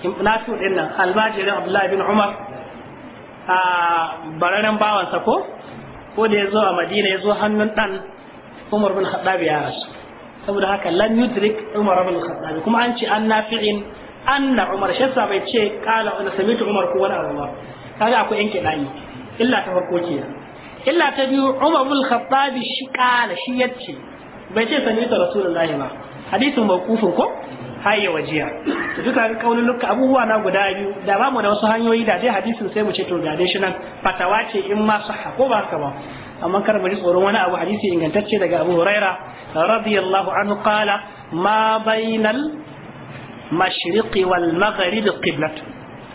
nafi'u din nan almajirin abdullahi bin umar a bararen bawansa ko ko da ya zo a madina ya zo hannun ɗan. umar bin khattab ya rasu saboda haka lam yudrik umar bin khattab kuma an ce an nafi'in anna umar shi yasa bai ce qala ana samitu umar ko wani abu ba kaga akwai yanke dani illa ta farko kenan illa ta biyu umar bin khattab shi qala shi yace bai ce samitu rasulullahi ba hadisin mawqufin ko Haye ya wajiya to duka kaululuka abubuwa na guda biyu da ba mu da wasu hanyoyi da dai hadisin sai mu ce to ga shi nan fatawa ce in ma sahha ko ba haka ba amma kar mu ji tsoron wani abu hadisi ingantacce daga Abu Huraira radiyallahu anhu qala ma bainal mashriqi wal maghrib qiblat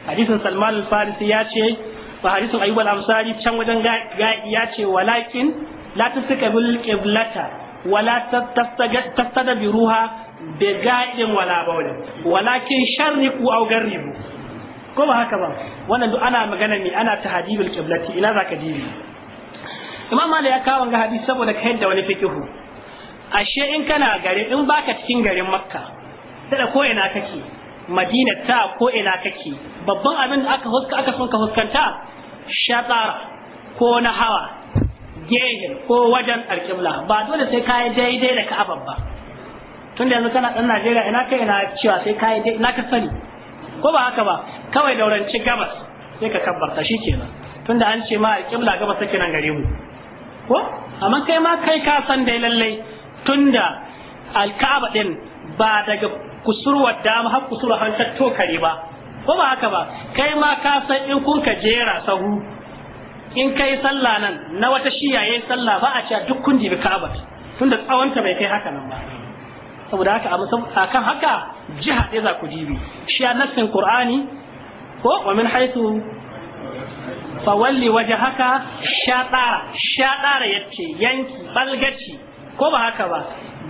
hadisin Salman al-Farisi ya ce wa hadisin Ayyub al-Ansari can wajen ya ce walakin la tusqabil qiblata wala tastadabiruha biga'in wala baula walakin sharriku aw garribu ko ba haka ba wannan duk ana magana ne ana ta tahdidul qiblati ina zaka dibi imam malik ya kawo ga hadisi saboda kai da wani fikihu ashe in kana gari in baka cikin garin makka da ko ina kake madina ta ko ina kake babban abin da aka huska aka son ka huskanta shatara ko na hawa gehe ko wajen alƙibla ba dole sai kayan daidai da ka ababba. tun da yanzu kana ɗan Najeriya ina kai ina cewa sai ka yi ina ka sani ko ba haka ba kawai dauranci gabas sai ka kabbarta shi kenan tun da an ce ma alƙibla gabas take nan gare mu ko amma kai ma kai ka san dai lallai tun da alka'aba ɗin ba daga kusurwar dama har kusurwar hannu ta kare ba ko ba haka ba kai ma ka san in kun ka jera sahu in kai sallah nan na wata shiya yayin sallah ba a ce duk kun jibi ka'aba tun da tsawonta bai kai haka nan ba saboda haka a kan haka jiha ɗaya za ku dibi shi a nassin qur'ani ko wa min haythu fawalli wajhaka shatara shatara yace yanki balgaci ko ba haka ba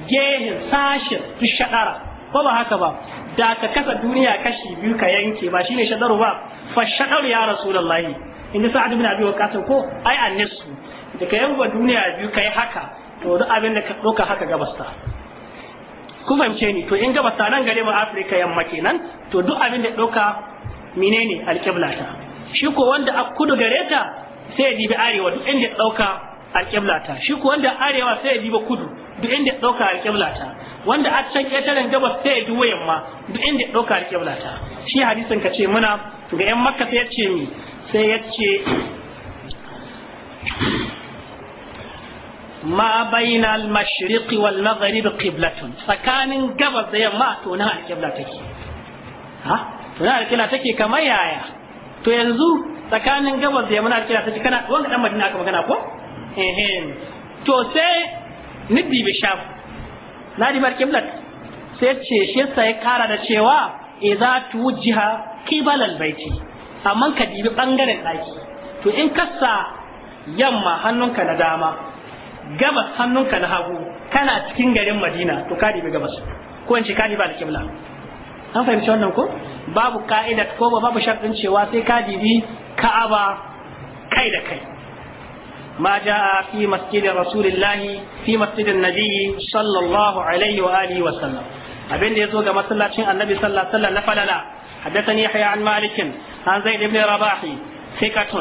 gehin sashin tu shatara ko ba haka ba da ka kasa duniya kashi biyu ka yanke ba shine shadaru ba fa shadaru ya rasulullahi inda sa'ad ibn abi waqas ko ai annisu da ka yanka duniya biyu kai haka to duk abin da ka ɗauka haka gabasta ku fahimce ni to in gabas ta nan gare mu Afirka yamma kenan to duk abin da ɗauka menene alƙibla ta shi ko wanda a kudu gare ta sai ya arewa duk inda ɗauka alƙibla ta shi ko wanda arewa sai ya dibi kudu duk inda ɗauka alƙibla ta wanda a can ƙetaren gabas sai ya duwa yamma duk inda ɗauka alƙibla ta shi hadisin ka ce muna ga 'yan makka sai ya ce mi sai ya ce ma bayna al-mashriq wal maghrib qiblatun tsakanin gabas da yamma to nan al-qibla take ha to nan al-qibla take kamar yaya to yanzu tsakanin gabas da yamma na al-qibla take kana wanda dan madina aka magana ko eh to sai niddi bi shaf na di al sai ce shi sai kara da cewa idza tuwjiha qibala al-baiti amma ka dibi bangaren daki to in kasa yamma hannunka na dama gabas hannunka na hagu kana cikin garin madina to ka gabas ko in ce ba dibi alƙibla an fahimci wannan ko babu ka'ida ko babu shaɗin cewa sai ka dibi ka'aba kai da kai ما جاء في مسجد رسول الله في مسجد النبي صلى الله عليه وآله وسلم أبين يزوج مسلاة annabi صلى الله عليه وسلم نفلنا حدثني يحيى عن مالك عن زيد بن رباح ثقة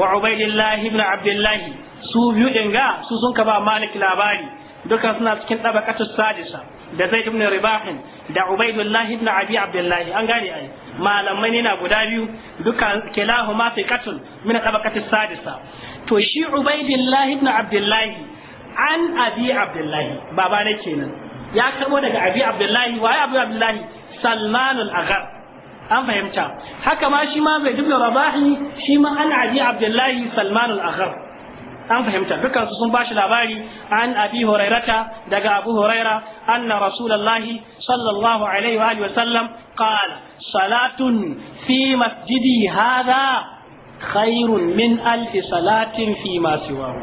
وعبيد الله بن عبد الله su biyu din ga su sun ka ba malik labari duka suna cikin dabaqatu sadisa da zaid ibn ribahin da ubaidullah ibn abi abdullah an gane ai malamai ne na guda biyu duka ma fi katul min dabaqatu sadisa to shi ubaidullah ibn abdullah an abi abdullah baba ne kenan ya karbo daga abi abdullah wa abi abdullah salman al-aghar an fahimta haka ma shi ma zaid ibn rabahi shi ma an abi abdullah salman al-aghar an fahimta dukkan su sun bashi labari an abi hurairata daga abu huraira anna rasulullahi sallallahu alaihi wa alihi wa sallam qala salatun fi masjidi hadha khairun min alf salatin fi ma siwahu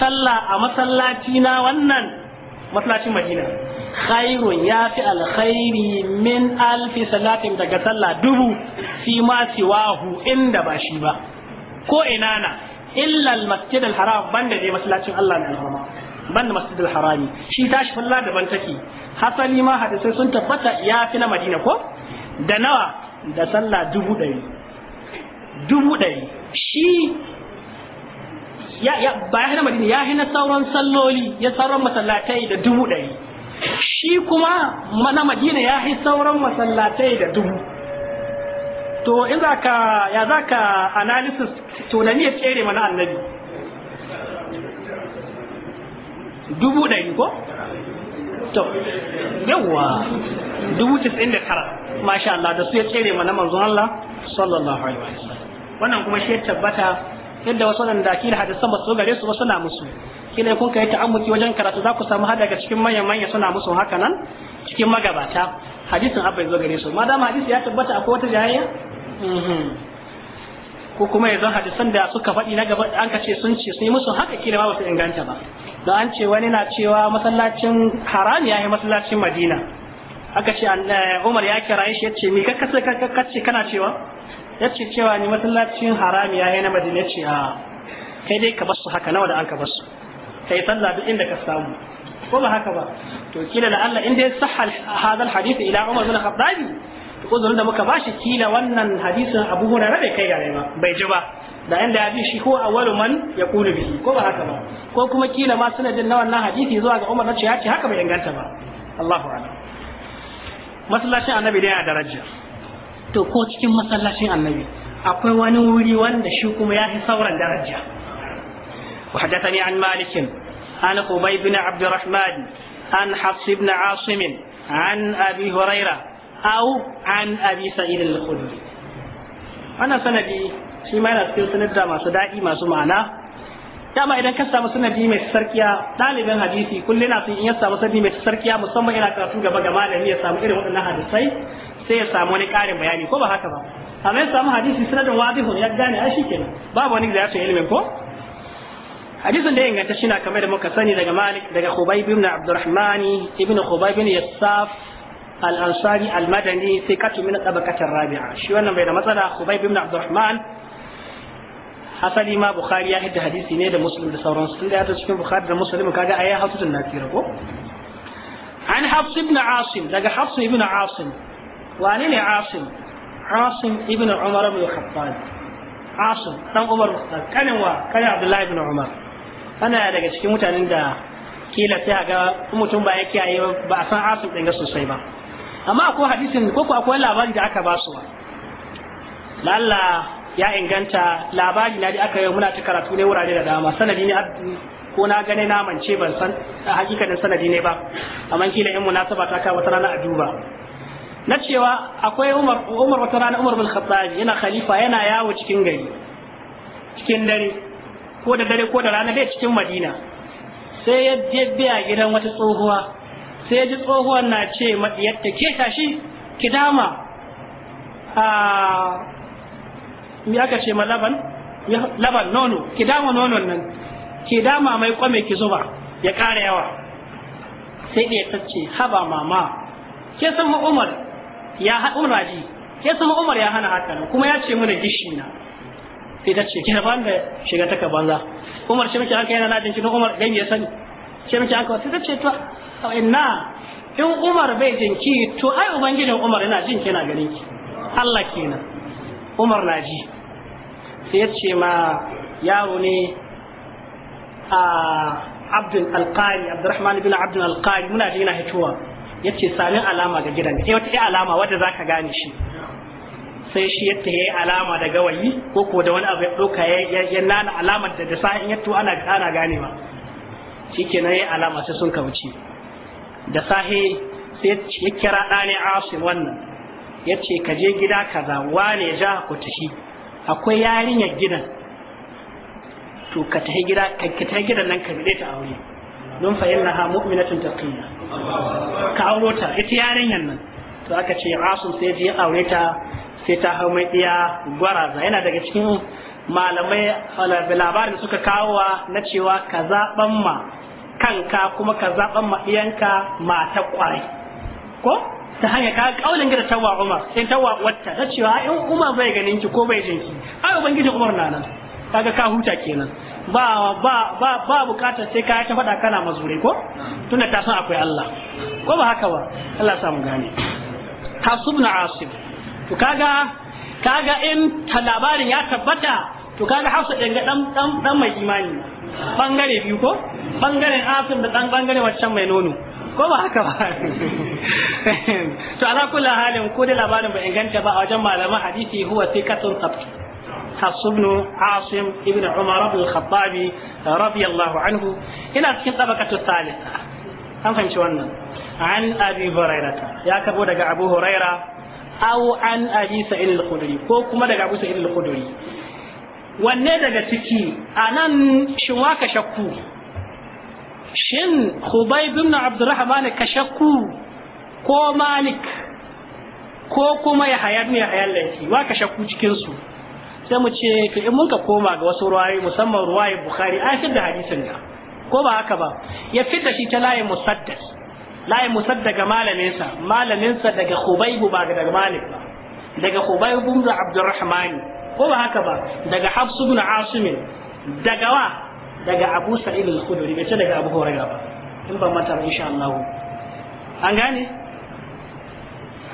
sallah a masallaci na wannan masallacin madina khairun ya fi alkhairi min alfi salatin daga sallah dubu fi ma siwahu inda ba shi ba ko ina na illa al-masjid al-haram banda dai masallacin Allah ne al-haram banda masjid al-harami shi tashi falla daban take hasali ma hadisai sun tabbata ya fi na Madina ko da nawa da sallah dubu ɗari dubu ɗari shi ya ya ba ya na Madina ya hina sauran salloli ya sauran masallatai da dubu ɗari shi kuma na Madina ya hi sauran masallatai da dubu to in za ka ya za ka analysis to na niyyar tsere mana annabi dubu ɗari ko? to yawwa dubu tis'in da tara masha Allah da su ya tsere mana manzon Allah sallallahu alaihi wa wannan kuma shi ya tabbata yadda wasu nan da kila hadisan ba su gare su ba suna musu kila kun kai ta'ammuki wajen karatu za ku samu har daga cikin manyan manya suna musu haka nan cikin magabata hadisin abba ya zo gare su madama hadisi ya tabbata akwai wata jayayya Mhm. ko kuma yanzu hadisan da suka faɗi na gaba an ce sun ce sun yi musu haka kila ba su inganta ba don an ce wani na cewa masallacin haram ya yi masallacin madina aka ce eh, umar ya kira shi ya ce mi kakasa kakace kana cewa ya ce cewa ni masallacin haram ya yi na madina ce a ah, kai dai ka bar su haka nawa da an ka bar su kai sallah duk inda ka samu ko ba haka ba to kila da Allah in dai sahha hadal hadisi ila umar bin khattabi uzurin da muka bashi kila wannan hadisin Abu Hurairah bai kai ga ba bai ji ba da inda ya bi shi ko awwalu man yaqulu bihi ko ba haka ba ko kuma kila ma sanadin na wannan hadisi zuwa ga Umar nace ya ce haka bai inganta ba Allahu a'lam masallacin annabi da ya daraja to ko cikin masallacin annabi akwai wani wuri wanda shi kuma ya fi sauran daraja وحدثني عن مالك عن قبيب بن عبد الرحمن عن حفص بن عاصم عن أبي هريرة Au an abi sa'id al-khudri Ana sanadi shi ma yana cikin masu daɗi masu ma'ana dama idan ka samu sanadi mai sarkiya ɗalibin hadisi kullum na in ya samu sanadi mai sarkiya musamman yana karatu gaba ga malami ya samu irin waɗannan hadisai sai ya samu wani ƙarin bayani ko ba haka ba amma ya samu hadisi sanadin wadihu ya gane a shikenan babu wani da ya san ilimin ko hadisin da ya inganta shi na kamar da muka sani daga Malik daga Khubayb ibn Abdurrahman ibn Khubayb ibn Yassaf الانصاري المدني في كتب من الطبقه الرابعه شو انا بين مثلا خبيب بن عبد الرحمن حصل ما بخاري يحد حديث ني ده مسلم ده سوران سن بخاري ده مسلم كاجا اي حديث الناكير كو عن حفص بن عاصم ده حفص بن عاصم وعن عاصم عاصم ابن عمر بن الخطاب عاصم دان عمر مختار كان هو كان عبد الله بن عمر انا ده cikin mutanen da kila sai ga mutum ba yake ayi ba san amma akwai hadisin ko ko akwai labari da aka ba su lalla ya inganta labari na da aka yi muna ta karatu ne wurare da dama sanadi ne ko na gane na mance ban san hakikanin sanadi ne ba amma kila in munasaba ta ka wata rana a duba na cewa akwai Umar Umar wata rana Umar bin Khattab yana khalifa yana yawo cikin gari cikin dare ko da dare ko da rana dai cikin Madina sai ya je biya gidan wata tsohuwa sai ji tsohuwar na ce yadda ke tashi ki dama a mi aka ce ma laban laban nono ki dama nonon nan ki dama mai kwame ki zuba ya ƙara yawa sai ɗaya ta ce haba mama ke san umar ya umar ji ke san umar ya hana haka kuma ya ce mana gishi na sai ta ce kina banda shiga ta ka banza umar shi muke haka yana ladin shi umar dan ya sani shi muke haka sai ta ce to to inna in Umar bai jinki to ai ubangijin Umar yana jin kina ganin ki Allah kenan Umar na ji sai ya ce ma yaro ne a Abdul Alqari Abdurrahman ibn Abdul Alqari muna ji yana hitowa yace sami alama ga gidan sai wata eh, alama wadda zaka gane shi sai shi yadda ya yi eh, alama da gawayi ko ko da wani abu ya ɗauka ya nana alamar da da sa'in yadda ana ana ganewa shi kenan ya yi alama sai sun kauce da sahe sai ya kira ɗane asim wannan ya ce ka je gida kaza wane ja ku tashi akwai yarinyar gidan to ka tafi gida ka tafi gidan nan ka bide ta aure don fa ha mu'minatun taqiyya ka aure ta ita yarinyar nan to aka ce Asun sai je aure ta sai ta hau mai iya gwaraza yana daga cikin malamai labarin suka kawo na cewa ka zaɓan ma kanka kuma ka zaɓan maɗiyanka mata ƙwarai ko ta hanyar ka ƙaunin gida tawa umar in tawa wata ta cewa in umar bai ganin ki ko bai jin ki ai ubangijin umar na nan kaga ka huta kenan ba ba ba ba sai ka ta faɗa kana mazure ko tunda ta san akwai Allah ko ba haka ba Allah samu gane hasubna asib to kaga kaga in labarin ya tabbata to kaga hafsa ɗin ga ɗan mai imani bangare biyu ko bangaren asim da dan bangare waccan mai nono ko ba haka ba to ala kullu halin ko da labarin ba inganta ba a wajen malaman hadisi huwa thiqatun sabt حفص بن عاصم ابن عمر بن الخطاب رضي الله عنه إلى سكن طبقة الثالثة أم فهمت عن أبي هريرة يا كبو دقى أبو هريرة أو عن أبي سعيد الخدري كو كما دقى أبو سعيد الخدري wanne daga ciki a nan shin waka shakku shin hubai bin abdurrahman ka shakku ko malik ko kuma ya hayar ne ya hayar laifi waka shakku cikinsu sai mu ce to in mun ka koma ga wasu ruwayi musamman ruwayi bukhari an fi da hadisin ga ko ba haka ba ya fita shi ta layi musaddad layi musaddad ga malaminsa malaminsa daga hubai ba daga malik ba daga hubai bin abdurrahman ko ba haka ba daga hafsu ibn Asim daga wa daga Abu Sa'id al-Khudri bai ce daga Abu Hurairah ba in ba mata insha Allah an gane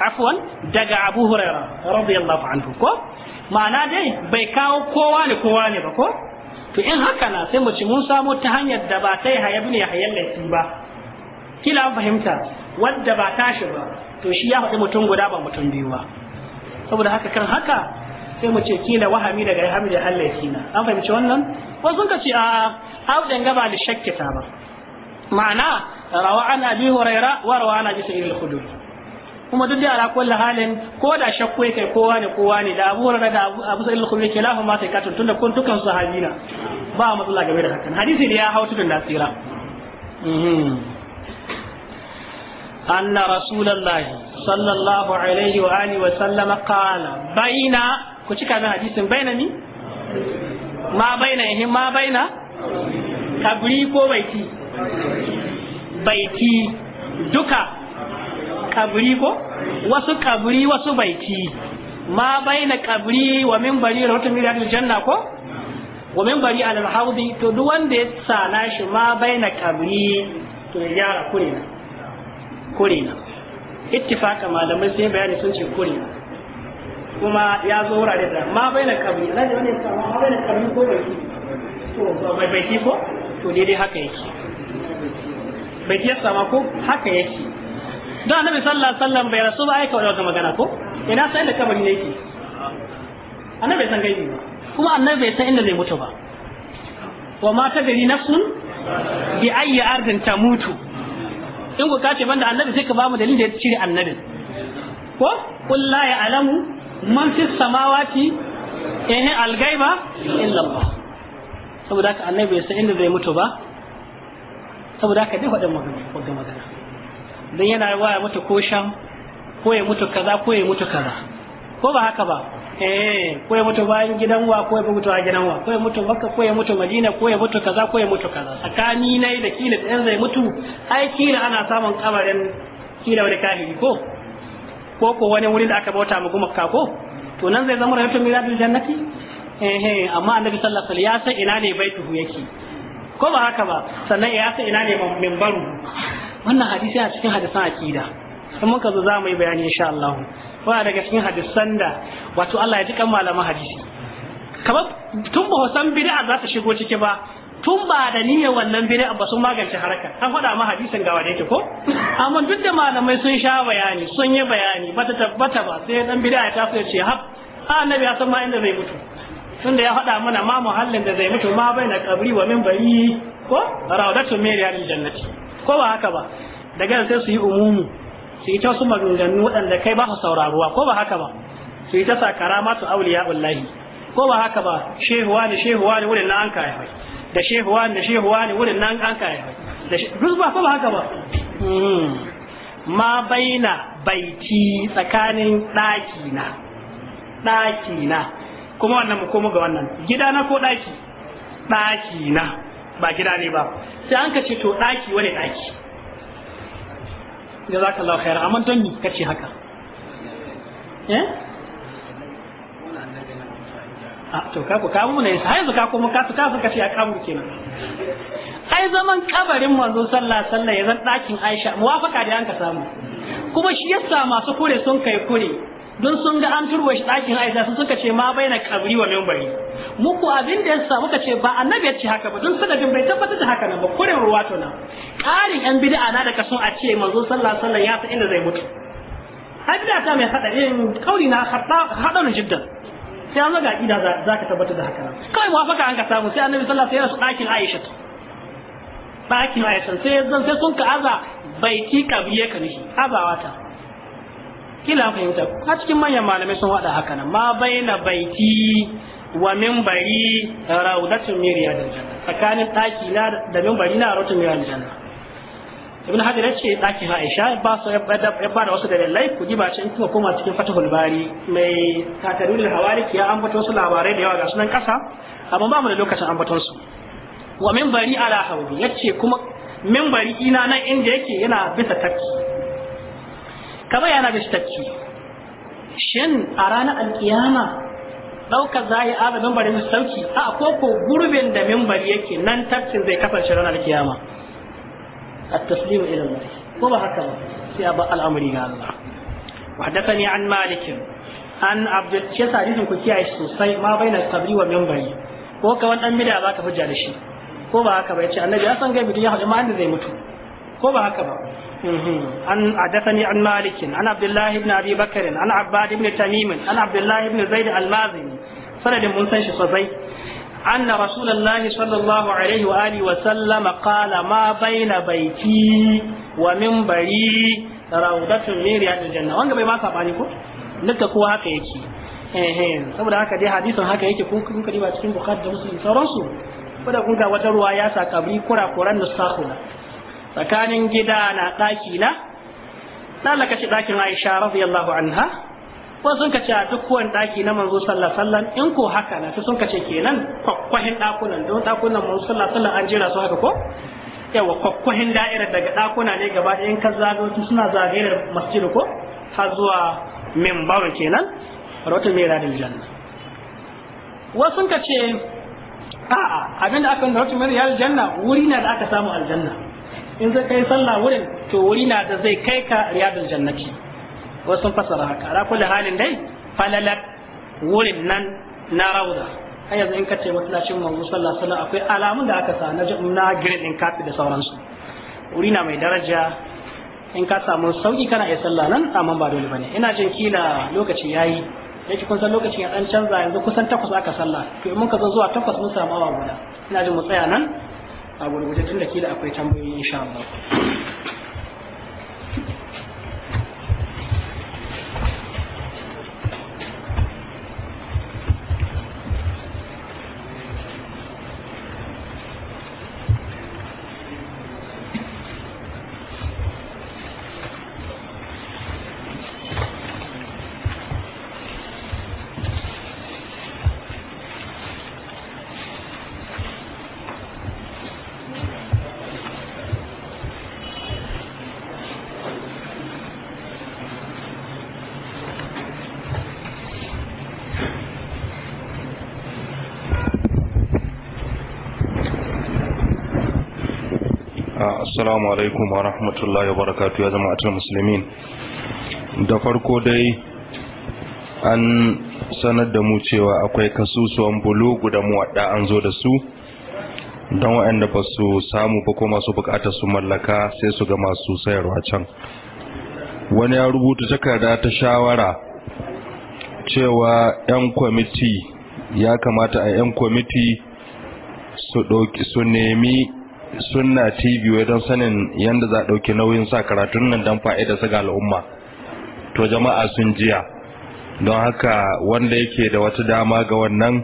afwan daga Abu Hurairah radiyallahu anhu ko ma'ana dai bai kawo kowa ne kowa ne ba ko to in haka na sai mu ci mun samu ta hanyar da ba ta yi hayab ne hayal laifi ba kila fahimta wanda ba tashi ba to shi ya faɗi mutum guda ba mutum biyu ba saboda haka kan haka sai mu ce kila wahami daga yahami da Allah ya sina an fahimci wannan wasu ka ce a audan gaba da shakkita ba ma'ana rawa an abi huraira wa rawa an abi sa'id al-khudri kuma duk da ala kulli halin ko da shakku kai kowa ne kowa ne da abu da abu sa'id al-khudri kilahu ma sai tunda kun dukan sahabina ba matsala game da hakan hadisi da ya hau da nasira أن رسول الله صلى الله عليه وآله وسلم قال بين ku cika min hadisin baina ni ma baina yahin eh, ma baina kabri ko baiti baiti duka kabri ko wasu kabri wasu baiti ma baina kabri wa minbari rahoton miliyar janna ko wa minbari alal haudi to duk wanda ya sana shi ma baina kabri to ya gyara kurena kurena ittifaka malamai sai bayani sun ce na. kuma ya zo wurare da ma bai na kabi na da wani sama ma bai na kabi ko bai shi to bai bai ki ko to daidai haka yake bai shi sama ko haka yake don annabi sallallahu alaihi wasallam bai rasu ba aika wata magana ko ina sai da kabari ne yake annabi san gaibi ba kuma annabi bai san inda zai mutu ba wa ma ta gari nafsun bi ayyi ardin ta mutu in ku kace banda annabi sai ka ba mu dalilin da ya cire annabin ko qul la ya'lamu man fi samawati eh algaiba illa Allah saboda haka annabi bai san inda zai mutu ba saboda haka dai faɗin magana magana dan yana waya mutu ko sham ko ya mutu kaza ko ya mutu kaza ko ba haka ba eh ko ya mutu bayan gidan wa ko ya mutu a gidan wa ko ya mutu makka ko ya mutu madina ko ya mutu kaza ko ya mutu kaza tsakani nai da kila dan zai mutu ai kila ana samun kabarin kila wani kahiri ko ko ko wani wurin da aka bauta mu goma ko to nan zai zama rayuwar miladul jannati eh eh amma annabi sallallahu alaihi wasallam ya san ina ne baituhu yake ko ba haka ba sannan ya san ina ne mimbaru wannan hadisi a cikin hadisan akida in muka zo za mu yi bayani insha Allah wa daga cikin hadisan da wato Allah ya ji kan malaman hadisi kamar tun ba san bid'a za ta shigo ciki ba tun ba da niyyar wannan bire ba sun magance haraka an faɗa ma hadisin gawa da yake ko amma duk da malamai sun sha bayani sun yi bayani bata tabbata ba sai dan bire ya taso ya ce hab annabi ya san ma inda zai mutu tun da ya faɗa mana ma muhallin da zai mutu ma bai na kabri wa minbari ko rawdatu mariya al jannati ko ba haka ba daga sai su yi umumu su yi ta su maganganu waɗanda kai ba su sauraruwa ko ba haka ba su yi ta sakara su auliya wallahi ko ba haka ba shehuwa ne shehuwa ne wurin na an kai da shehuwa da shehuwa ne wurin nan an kare da duk ba ba haka ba hmm. ma baina baiti tsakanin daki na daki na kuma wannan mu koma ga wannan gida na ko ɗaki daki na ba gida ne ba sai an kace ce to ɗaki wani ɗaki jazakallahu khair amma don ni kace haka eh to ka ku kamu ne sai yanzu ka kuma ka su ka ce a kamu kenan ai zaman kabarin manzo sallallahu alaihi wasallam ya zan dakin Aisha muwafaka da yanka samu kuma shi yasa masu kure sun kai kure don sun ga an turwa shi dakin Aisha sun suka ce ma na kabri wa mabari. muku abin da yasa muka ce ba annabi ya ce haka ba don sanadin bai tabbatar da haka nan ba kuren ruwa to nan karin yan bid'a na da kason a ce manzo sallallahu alaihi wasallam ya ta inda zai mutu hadda ta mai irin kauli na hadarin jiddan sai an zaga ida za ka tabbatar da haka nan kawai muwafaka an ka samu sai annabi sallallahu alaihi wasallam sai ya rasu ɗakin Aisha ɗakin Aisha sai zan sai sun ka aza bai ki ka biye ka nishi azawa ta kila fahimta a cikin manyan malamai sun wada haka nan ma bai baiti wa minbari raudatun miriyadul janna tsakanin ɗaki na da minbari na raudatun miriyadul janna ibn hajar yace dakin aisha ba su ya ba da wasu dalilai ku ji ba ce in kuma koma cikin fatahul bari mai takarulul hawalik ya ambata wasu labarai da yawa ga sunan kasa amma ba mu da lokacin ambaton su wa min bari ala hawli yace kuma min bari ina nan inda yake yana bisa takki kamar yana bisa takki shin a ranar alkiyama dauka zai a yi bari mu sauki a koko gurbin da bari yake nan tafkin zai kasance ranar alkiyama التسليم إلى الله وما هكذا في أبا الأمر يا الله وحدثني عن مالك عن عبد الشيخ حديث كنتي عايش سوسي ما بين القبر والمنبر ko ka wani dan bid'a baka hujja da shi ko ba haka ba yace annabi ya san gaibi duniya hada ma inda zai mutu ko ba haka ba an hadathani an malik an abdullah ibn abi bakr an abbad ibn tamim an abdullah ibn zaid al-mazini sanadin mun san shi sosai أن رسول الله صلى الله عليه وآله وسلم قال ما بين بيتي ومنبري روضة من رياض الجنة وانك بما سابانيكو نتكو هكا يكي ehen saboda haka dai hadisin haka yake kun kun kadi ba cikin bukhari da muslim sauransu saboda kun ya sa kabri kura kuran da sakuna tsakanin gida na daki na dan Aisha radiyallahu anha ko sun kace a duk kowane daki na manzo sallallahu alaihi wasallam in ko haka na sun kace kenan kwakwahin dakunan don dakunan manzo sallallahu alaihi wasallam an jera su haka ko yawa kwakwahin da'irar daga dakuna ne gaba ɗayan ka zagayo suna zagayar masjid ko har zuwa mimbarin kenan mai radin janna wasu ka ce a'a abinda aka nuna rawatu miradil janna wuri na da aka samu aljanna in zai kai sallah wurin to wuri na da zai kai ka riyadul jannati wasu sun fasara haka ala kulli halin dai falalat wurin nan na rauda har yanzu in ka ce masallacin manzo sallallahu alaihi wasallam akwai alamun da aka sa na na grade din kafi da sauransu wuri na mai daraja in ka samu sauki kana iya sallah nan amma ba dole bane ina jin kila lokaci yayi yake kun san lokacin ya dan canza yanzu kusan takwas aka sallah to in muka zo zuwa takwas mun samu awa guda ina jin mu tsaya nan a gurgurtattun da kila akwai tambayoyi insha Allah assalamu alaikum wa rahmatullahi wa barakatu ya zama atar musulmin da farko dai an sanar da mu cewa akwai kasusuwan bulugu da wadda an zo da su don waɗanda ba su samu ba ko masu bukata su mallaka sai su ga masu sayarwa can wani ya rubuta takarda ta shawara cewa 'yan kwamiti ya kamata a 'yan kwamiti su nemi sunna tv wai don sanin yadda za a ɗauki nauyin sa karatun nan don fa'ida su ga al'umma to jama'a sun jiya don haka wanda yake da wata dama ga wannan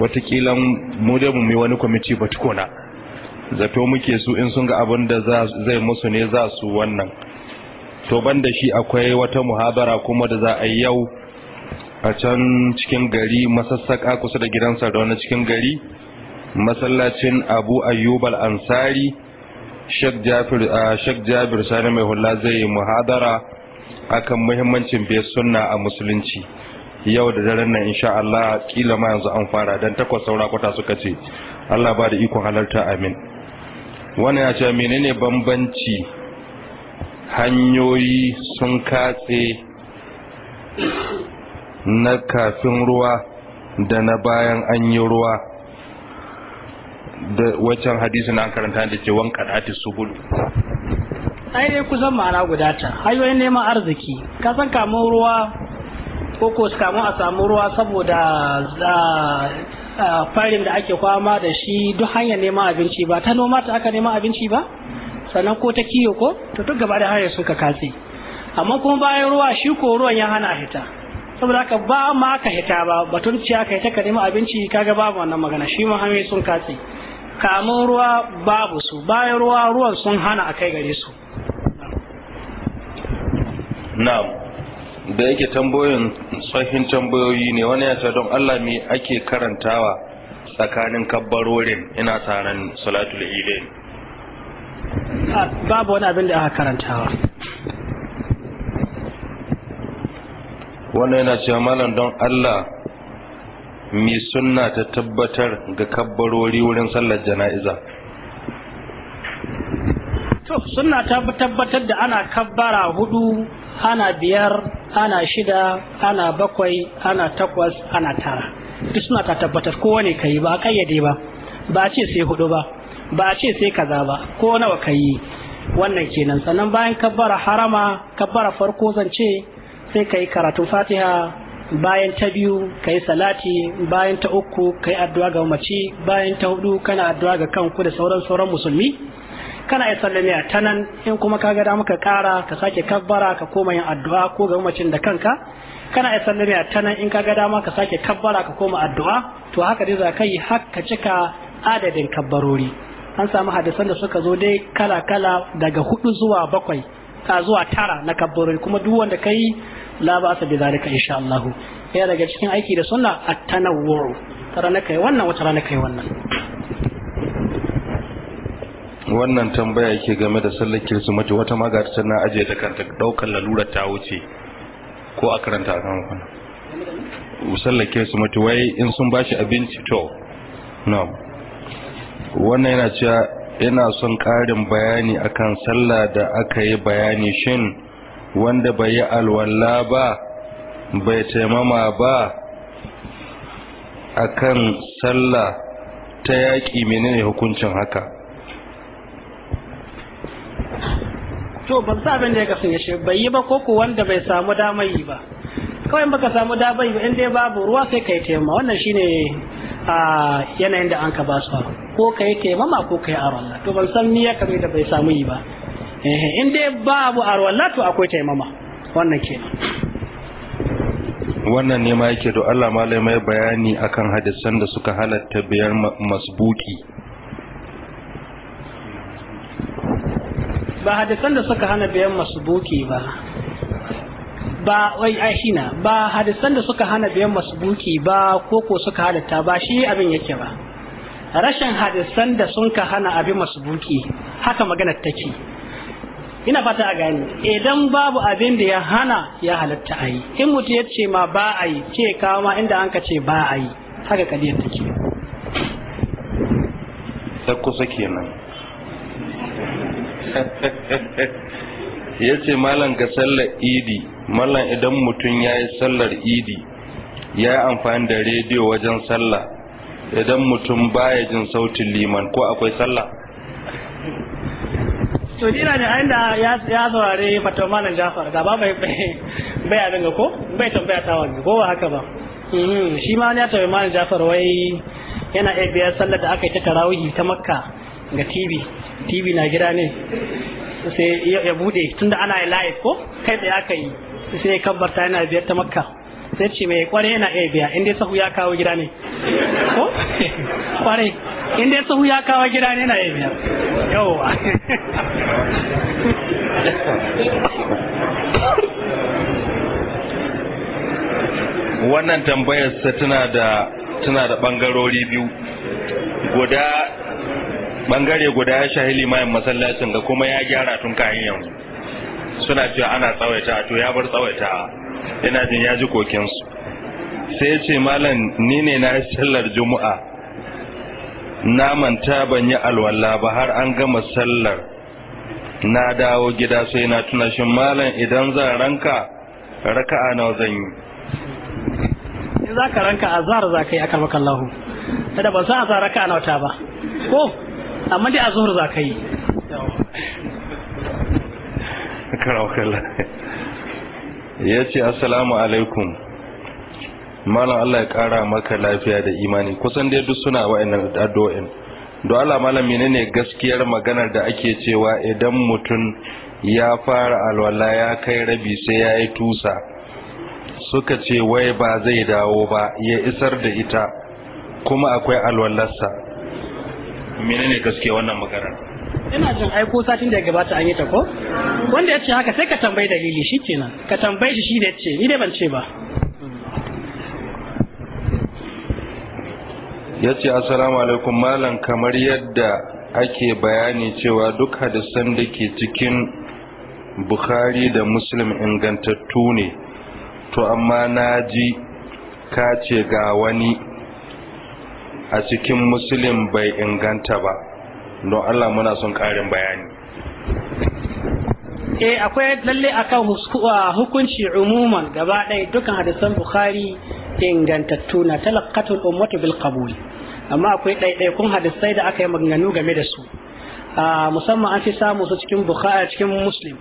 watakila mu dai mu mai wani kwamiti ba tukuna zato muke su in sun ga abin da zai musu ne za su wannan to ban da shi akwai wata muhabara kuma da za a yi yau a can cikin gari masassaka kusa da gidansa da wani cikin gari masallacin abu ayyub al-ansari shek jabir sani mai hula zai muhadara akan muhimmancin bai sunna a musulunci yau da daren nan insha Allah kila ma yanzu an fara dan takwas saura kwata suka ce Allah bada da ikon halarta amin wannan ya ce menene bambanci hanyoyi sun katse na kafin ruwa da na bayan an yi ruwa da wancan hadisi na karanta da ce wanka da ati subul ai dai kusan ma'ana guda ta hanyoyin neman arziki ka san kamun ruwa ko ko kamun a samu ruwa saboda ah, ah, farin da ake kwama da shi duk hanyar neman abinci ba ta noma ta aka neman abinci ba sannan ko ta kiyo ko to duk gaba da hanyar suka katse amma kuma bayan ruwa shi ko ruwan ya hana hita saboda haka ba ma ka hita ba batun ciya ka hita ka nemi abinci kaga babu wannan magana shi ma hanyoyi sun katse kamun ruwa babu su bayan ruwa ruwan sun hana a kai gare su na'am da yake tambayoyin tsohin tambayoyi ne wani ya don Allah me ake karantawa tsakanin kabbarorin ina taron salatul idain ah, babu wani abin da aka karantawa wannan yana cewa malam don Allah mai sunna ta tabbatar ga kabbarori wurin sallar jana'iza to sunna ta tabbatar da ana kabbara hudu ana biyar ana shida ana bakwai ana takwas ana tara duk suna ta tabbatar kowane kai ba kayyade ba ba a ce sai hudu ba ba ce sai kaza ba ko nawa kai wannan kenan sannan bayan kabbara harama kabbara farko zance sai kai karatun fatiha bayan ta biyu ka yi salati bayan ta uku ka yi addu'a ga mace bayan ta hudu kana addu'a ga kanku da sauran sauran musulmi kana yi sallame a tanan in kuma ka ga muka kara ka sake kabbara ka koma yin addu'a ko ga macin da kanka kana yi sallame a tanan in ka ga dama ka sake kabbara ka koma addu'a to haka dai za ka yi har ka cika adadin kabbarori an samu hadisan da suka zo dai kala kala daga hudu zuwa bakwai zuwa tara na kabbarori kuma duk wanda ka la ba sa zalika insha Allah ya daga cikin aiki da sunna at-tanawwu tara na kai wannan wata rana kai wannan wannan tambaya yake game da sallar kirsimati wata ma ga na aje ta kanta daukar lalura ta wuce ko a karanta a kan kwana sallar kirsimati wai in sun bashi abinci to no wannan yana cewa ina son karin bayani akan sallah da aka yi bayani shin wanda bai yi alwala ba bai taimama ba akan sallah ta yaƙi menene hukuncin haka to ban sa abin da ya kasu shi bai yi ba ko wanda bai samu damar yi ba kawai baka samu damar yi ba in dai babu ruwa sai ka yi taimama wannan shine a yanayin da an ka ba su ko yi taimama ko ka yi aron to ban san ni ya kame da bai samu yi ba in dai babu arwalla to akwai taimama wannan ke wannan ne ma yake do Allah malamai bayani akan hadisan da suka halatta biyar masbuki ba hadisan da suka hana biyan masbuki ba ba wai ashina ba hadisan da suka hana biyan masbuki ba ko ko suka halatta ba shi abin yake ba rashin hadisan da sun ka hana abin masbuki haka magana take ina fata a gani idan babu abin da ya hana ya halatta a yi in mutum ya ce ma ba a yi ce kawo ma inda an ka ce ba a yi haka kadiyar take ta kusa kenan ya ce malam ga sallar idi malam idan mutum ya yi sallar idi ya yi amfani da rediyo wajen sallah idan mutum baya jin sautin liman ko akwai sallah to ni da inda ya ya saurare fatawa malam Jafar da ba bai bai abin ga ko bai tambaya ta wani ko ba haka ba mm-hmm. shi ma ya tambaya malam Jafar wai yana iya biyar sallar da aka yi ta tarawihi ta Makka ga TV TV na gida ne sai ya bude tunda ana live ko kai da aka yi sai kabbarta yana biyar ta Makka sai ce mai kware yana iya biya in dai sahu ya kawo gida ne ko kware in dai sahu ya kawo gida ne yana iya biya yawwa wannan tambayar sa tana da tana da bangarori biyu guda bangare guda ya shahi limayin masallacin ga kuma ya gyara tun kayan yanzu suna cewa ana tsawaita to ya bar tsawaita ina jin ya ji kokinsu sai ya ce malam ni ne na sallar juma'a na manta ban yi alwala ba har an gama sallar na dawo gida sai na tuna shin malam idan zan ranka raka'a nawa zan yi in za ka ranka azhar za ka yi aka maka Allahu kada ba san a raka'a nawa ta ba ko amma dai azhar za ka yi kallon ya ce assalamu alaikum malam Allah ya kara maka lafiya da imani kusan dai duk suna wa'annan addu'o'in don Allah malam menene gaskiyar maganar da ake cewa idan mutum ya fara alwala ya kai rabi sai ya yi tusa suka ce wai ba zai dawo ba ya isar da ita kuma akwai alwalarsa menene gaskiya wannan maganar ina jin aiko satin da ya gabata an yi ta ko wanda ya ce haka sai ka tambayi dalili shi kenan ka tambayi shi shi da ya ce ni dai ban ce ba ya ce assalamu alaikum malam kamar yadda ake bayani cewa duk hadisan da ke cikin bukhari da muslim ingantattu ne to amma na ji ka ce ga wani a cikin muslim bai inganta ba don Allah muna son ƙarin bayani eh akwai lalle akan hukunci umuman gaba ɗaya dukkan hadisan bukhari ingantattu na talakatul ummatu bil qabul amma akwai ɗaiɗaikun hadisai da aka yi maganganu game da su musamman an fi samu su cikin bukhari cikin muslim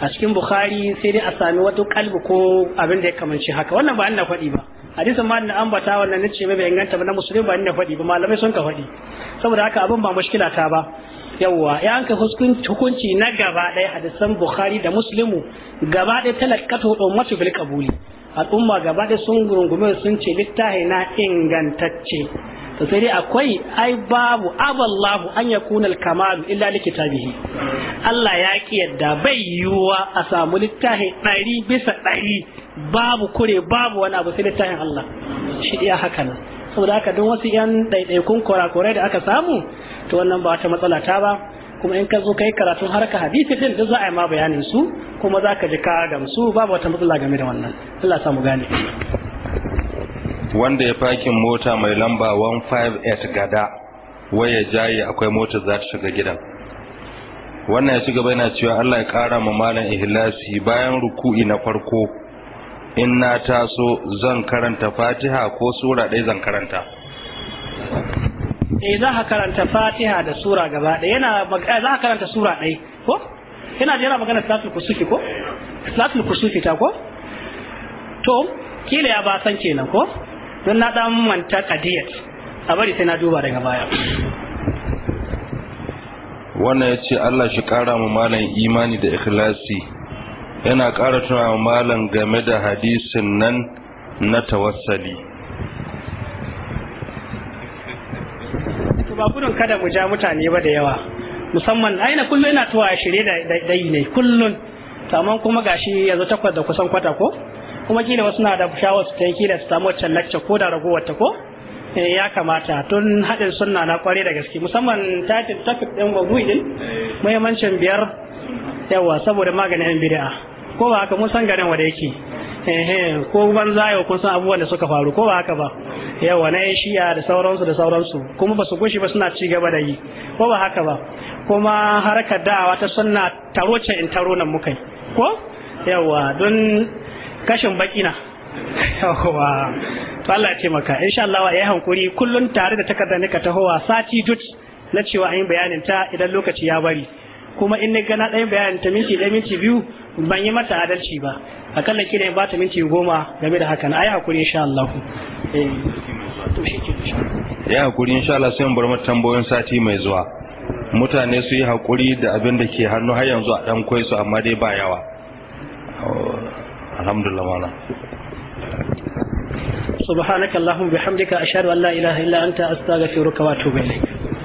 a cikin bukhari sai dai a sami wata kalbi ko abin da ya kamanci haka wannan ba na faɗi ba hadisin ma na ambata wannan nace mai bai inganta ba na musulmi ba inda faɗi ba malamai sun ka faɗi saboda haka abin ba mushkila ta ba yawwa ya anka hukunci na gaba ɗaya hadisan bukhari da muslimu gaba ɗaya don ummatu bil kabuli al'umma gaba ɗaya sun rungume sun ce littahi na ingantacce to sai dai akwai ai babu aballahu an yakuna al-kamalu illa li kitabihi Allah ya ki yadda bai yiwuwa a samu littahi ɗari bisa ɗari babu kure babu wani abu sai littafin Allah shi iya haka nan saboda haka don wasu yan ɗaiɗaikun kurakurai da aka samu to wannan ba wata matsala ta ba kuma in ka zo kai karatun harka hadisi din duk za a yi ma bayanin su kuma za ka ji ka gamsu babu wata matsala game da wannan Allah samu gane wanda ya fakin mota mai lamba 158 gada waya jaye akwai mota za ta shiga gidan wannan ya ci gaba yana cewa Allah ya kara ma malam ihlasi bayan ruku'i na farko in na taso zan karanta fatiha ko sura ɗaya zan karanta eh za ka karanta fatiha da sura gaba ɗaya yana eh, za ka karanta sura ɗaya ko yana jera magana salatul kusufi ko salatul kusufi ta ko to kila ya ba san kenan ko don na dan manta qadiyat a bari sai na duba daga baya wannan ya ce Allah shi kara mu malam imani da ikhlasi yana ƙara tuna malam game da hadisin nan na tawassali ba gudun kada mu ja mutane ba da yawa musamman aina kullum yana tuwa shirye da dai ne kullum amma kuma gashi yanzu takwas da kusan kwata ko kuma kila wasu na da shawar su ta kila su samu ko da ragowar ta ko eh, ya kamata tun haɗin sunna na kware da gaske musamman tatin tafi ɗin gwagwi din muhimmancin biyar yawa saboda maganin yan bid'a ko ba haka mun san garin wanda yake eh ko ban yau kun san abubuwan da suka faru ko ba haka ba yawa na yan shi'a da sauransu da sauransu kuma ba su gushi ba suna ci gaba da yi ko ba haka ba kuma harkar da'awa ta sunna taro ce in taro nan mukai ko yawa don kashin baki na yawa to Allah ya taimaka insha Allah ya hankuri kullun tare da takardar nika tahowa sati duk na cewa an yi bayanin ta idan lokaci ya bari kuma in na gana ɗayan bayanin ta minti ɗaya minti biyu ban yi mata adalci ba akalla kila in bata minti goma game da hakan ayi hakuri insha Allah eh, ya hakuri insha Allah sai mu bar mata tambayoyin sati mai zuwa mutane su yi hakuri da abin da ke hannu har yanzu a dan su amma dai ba yawa alhamdulillah mana سبحانك اللهم Allah, أشهد أن لا إله إلا أنت أستغفرك bai ne.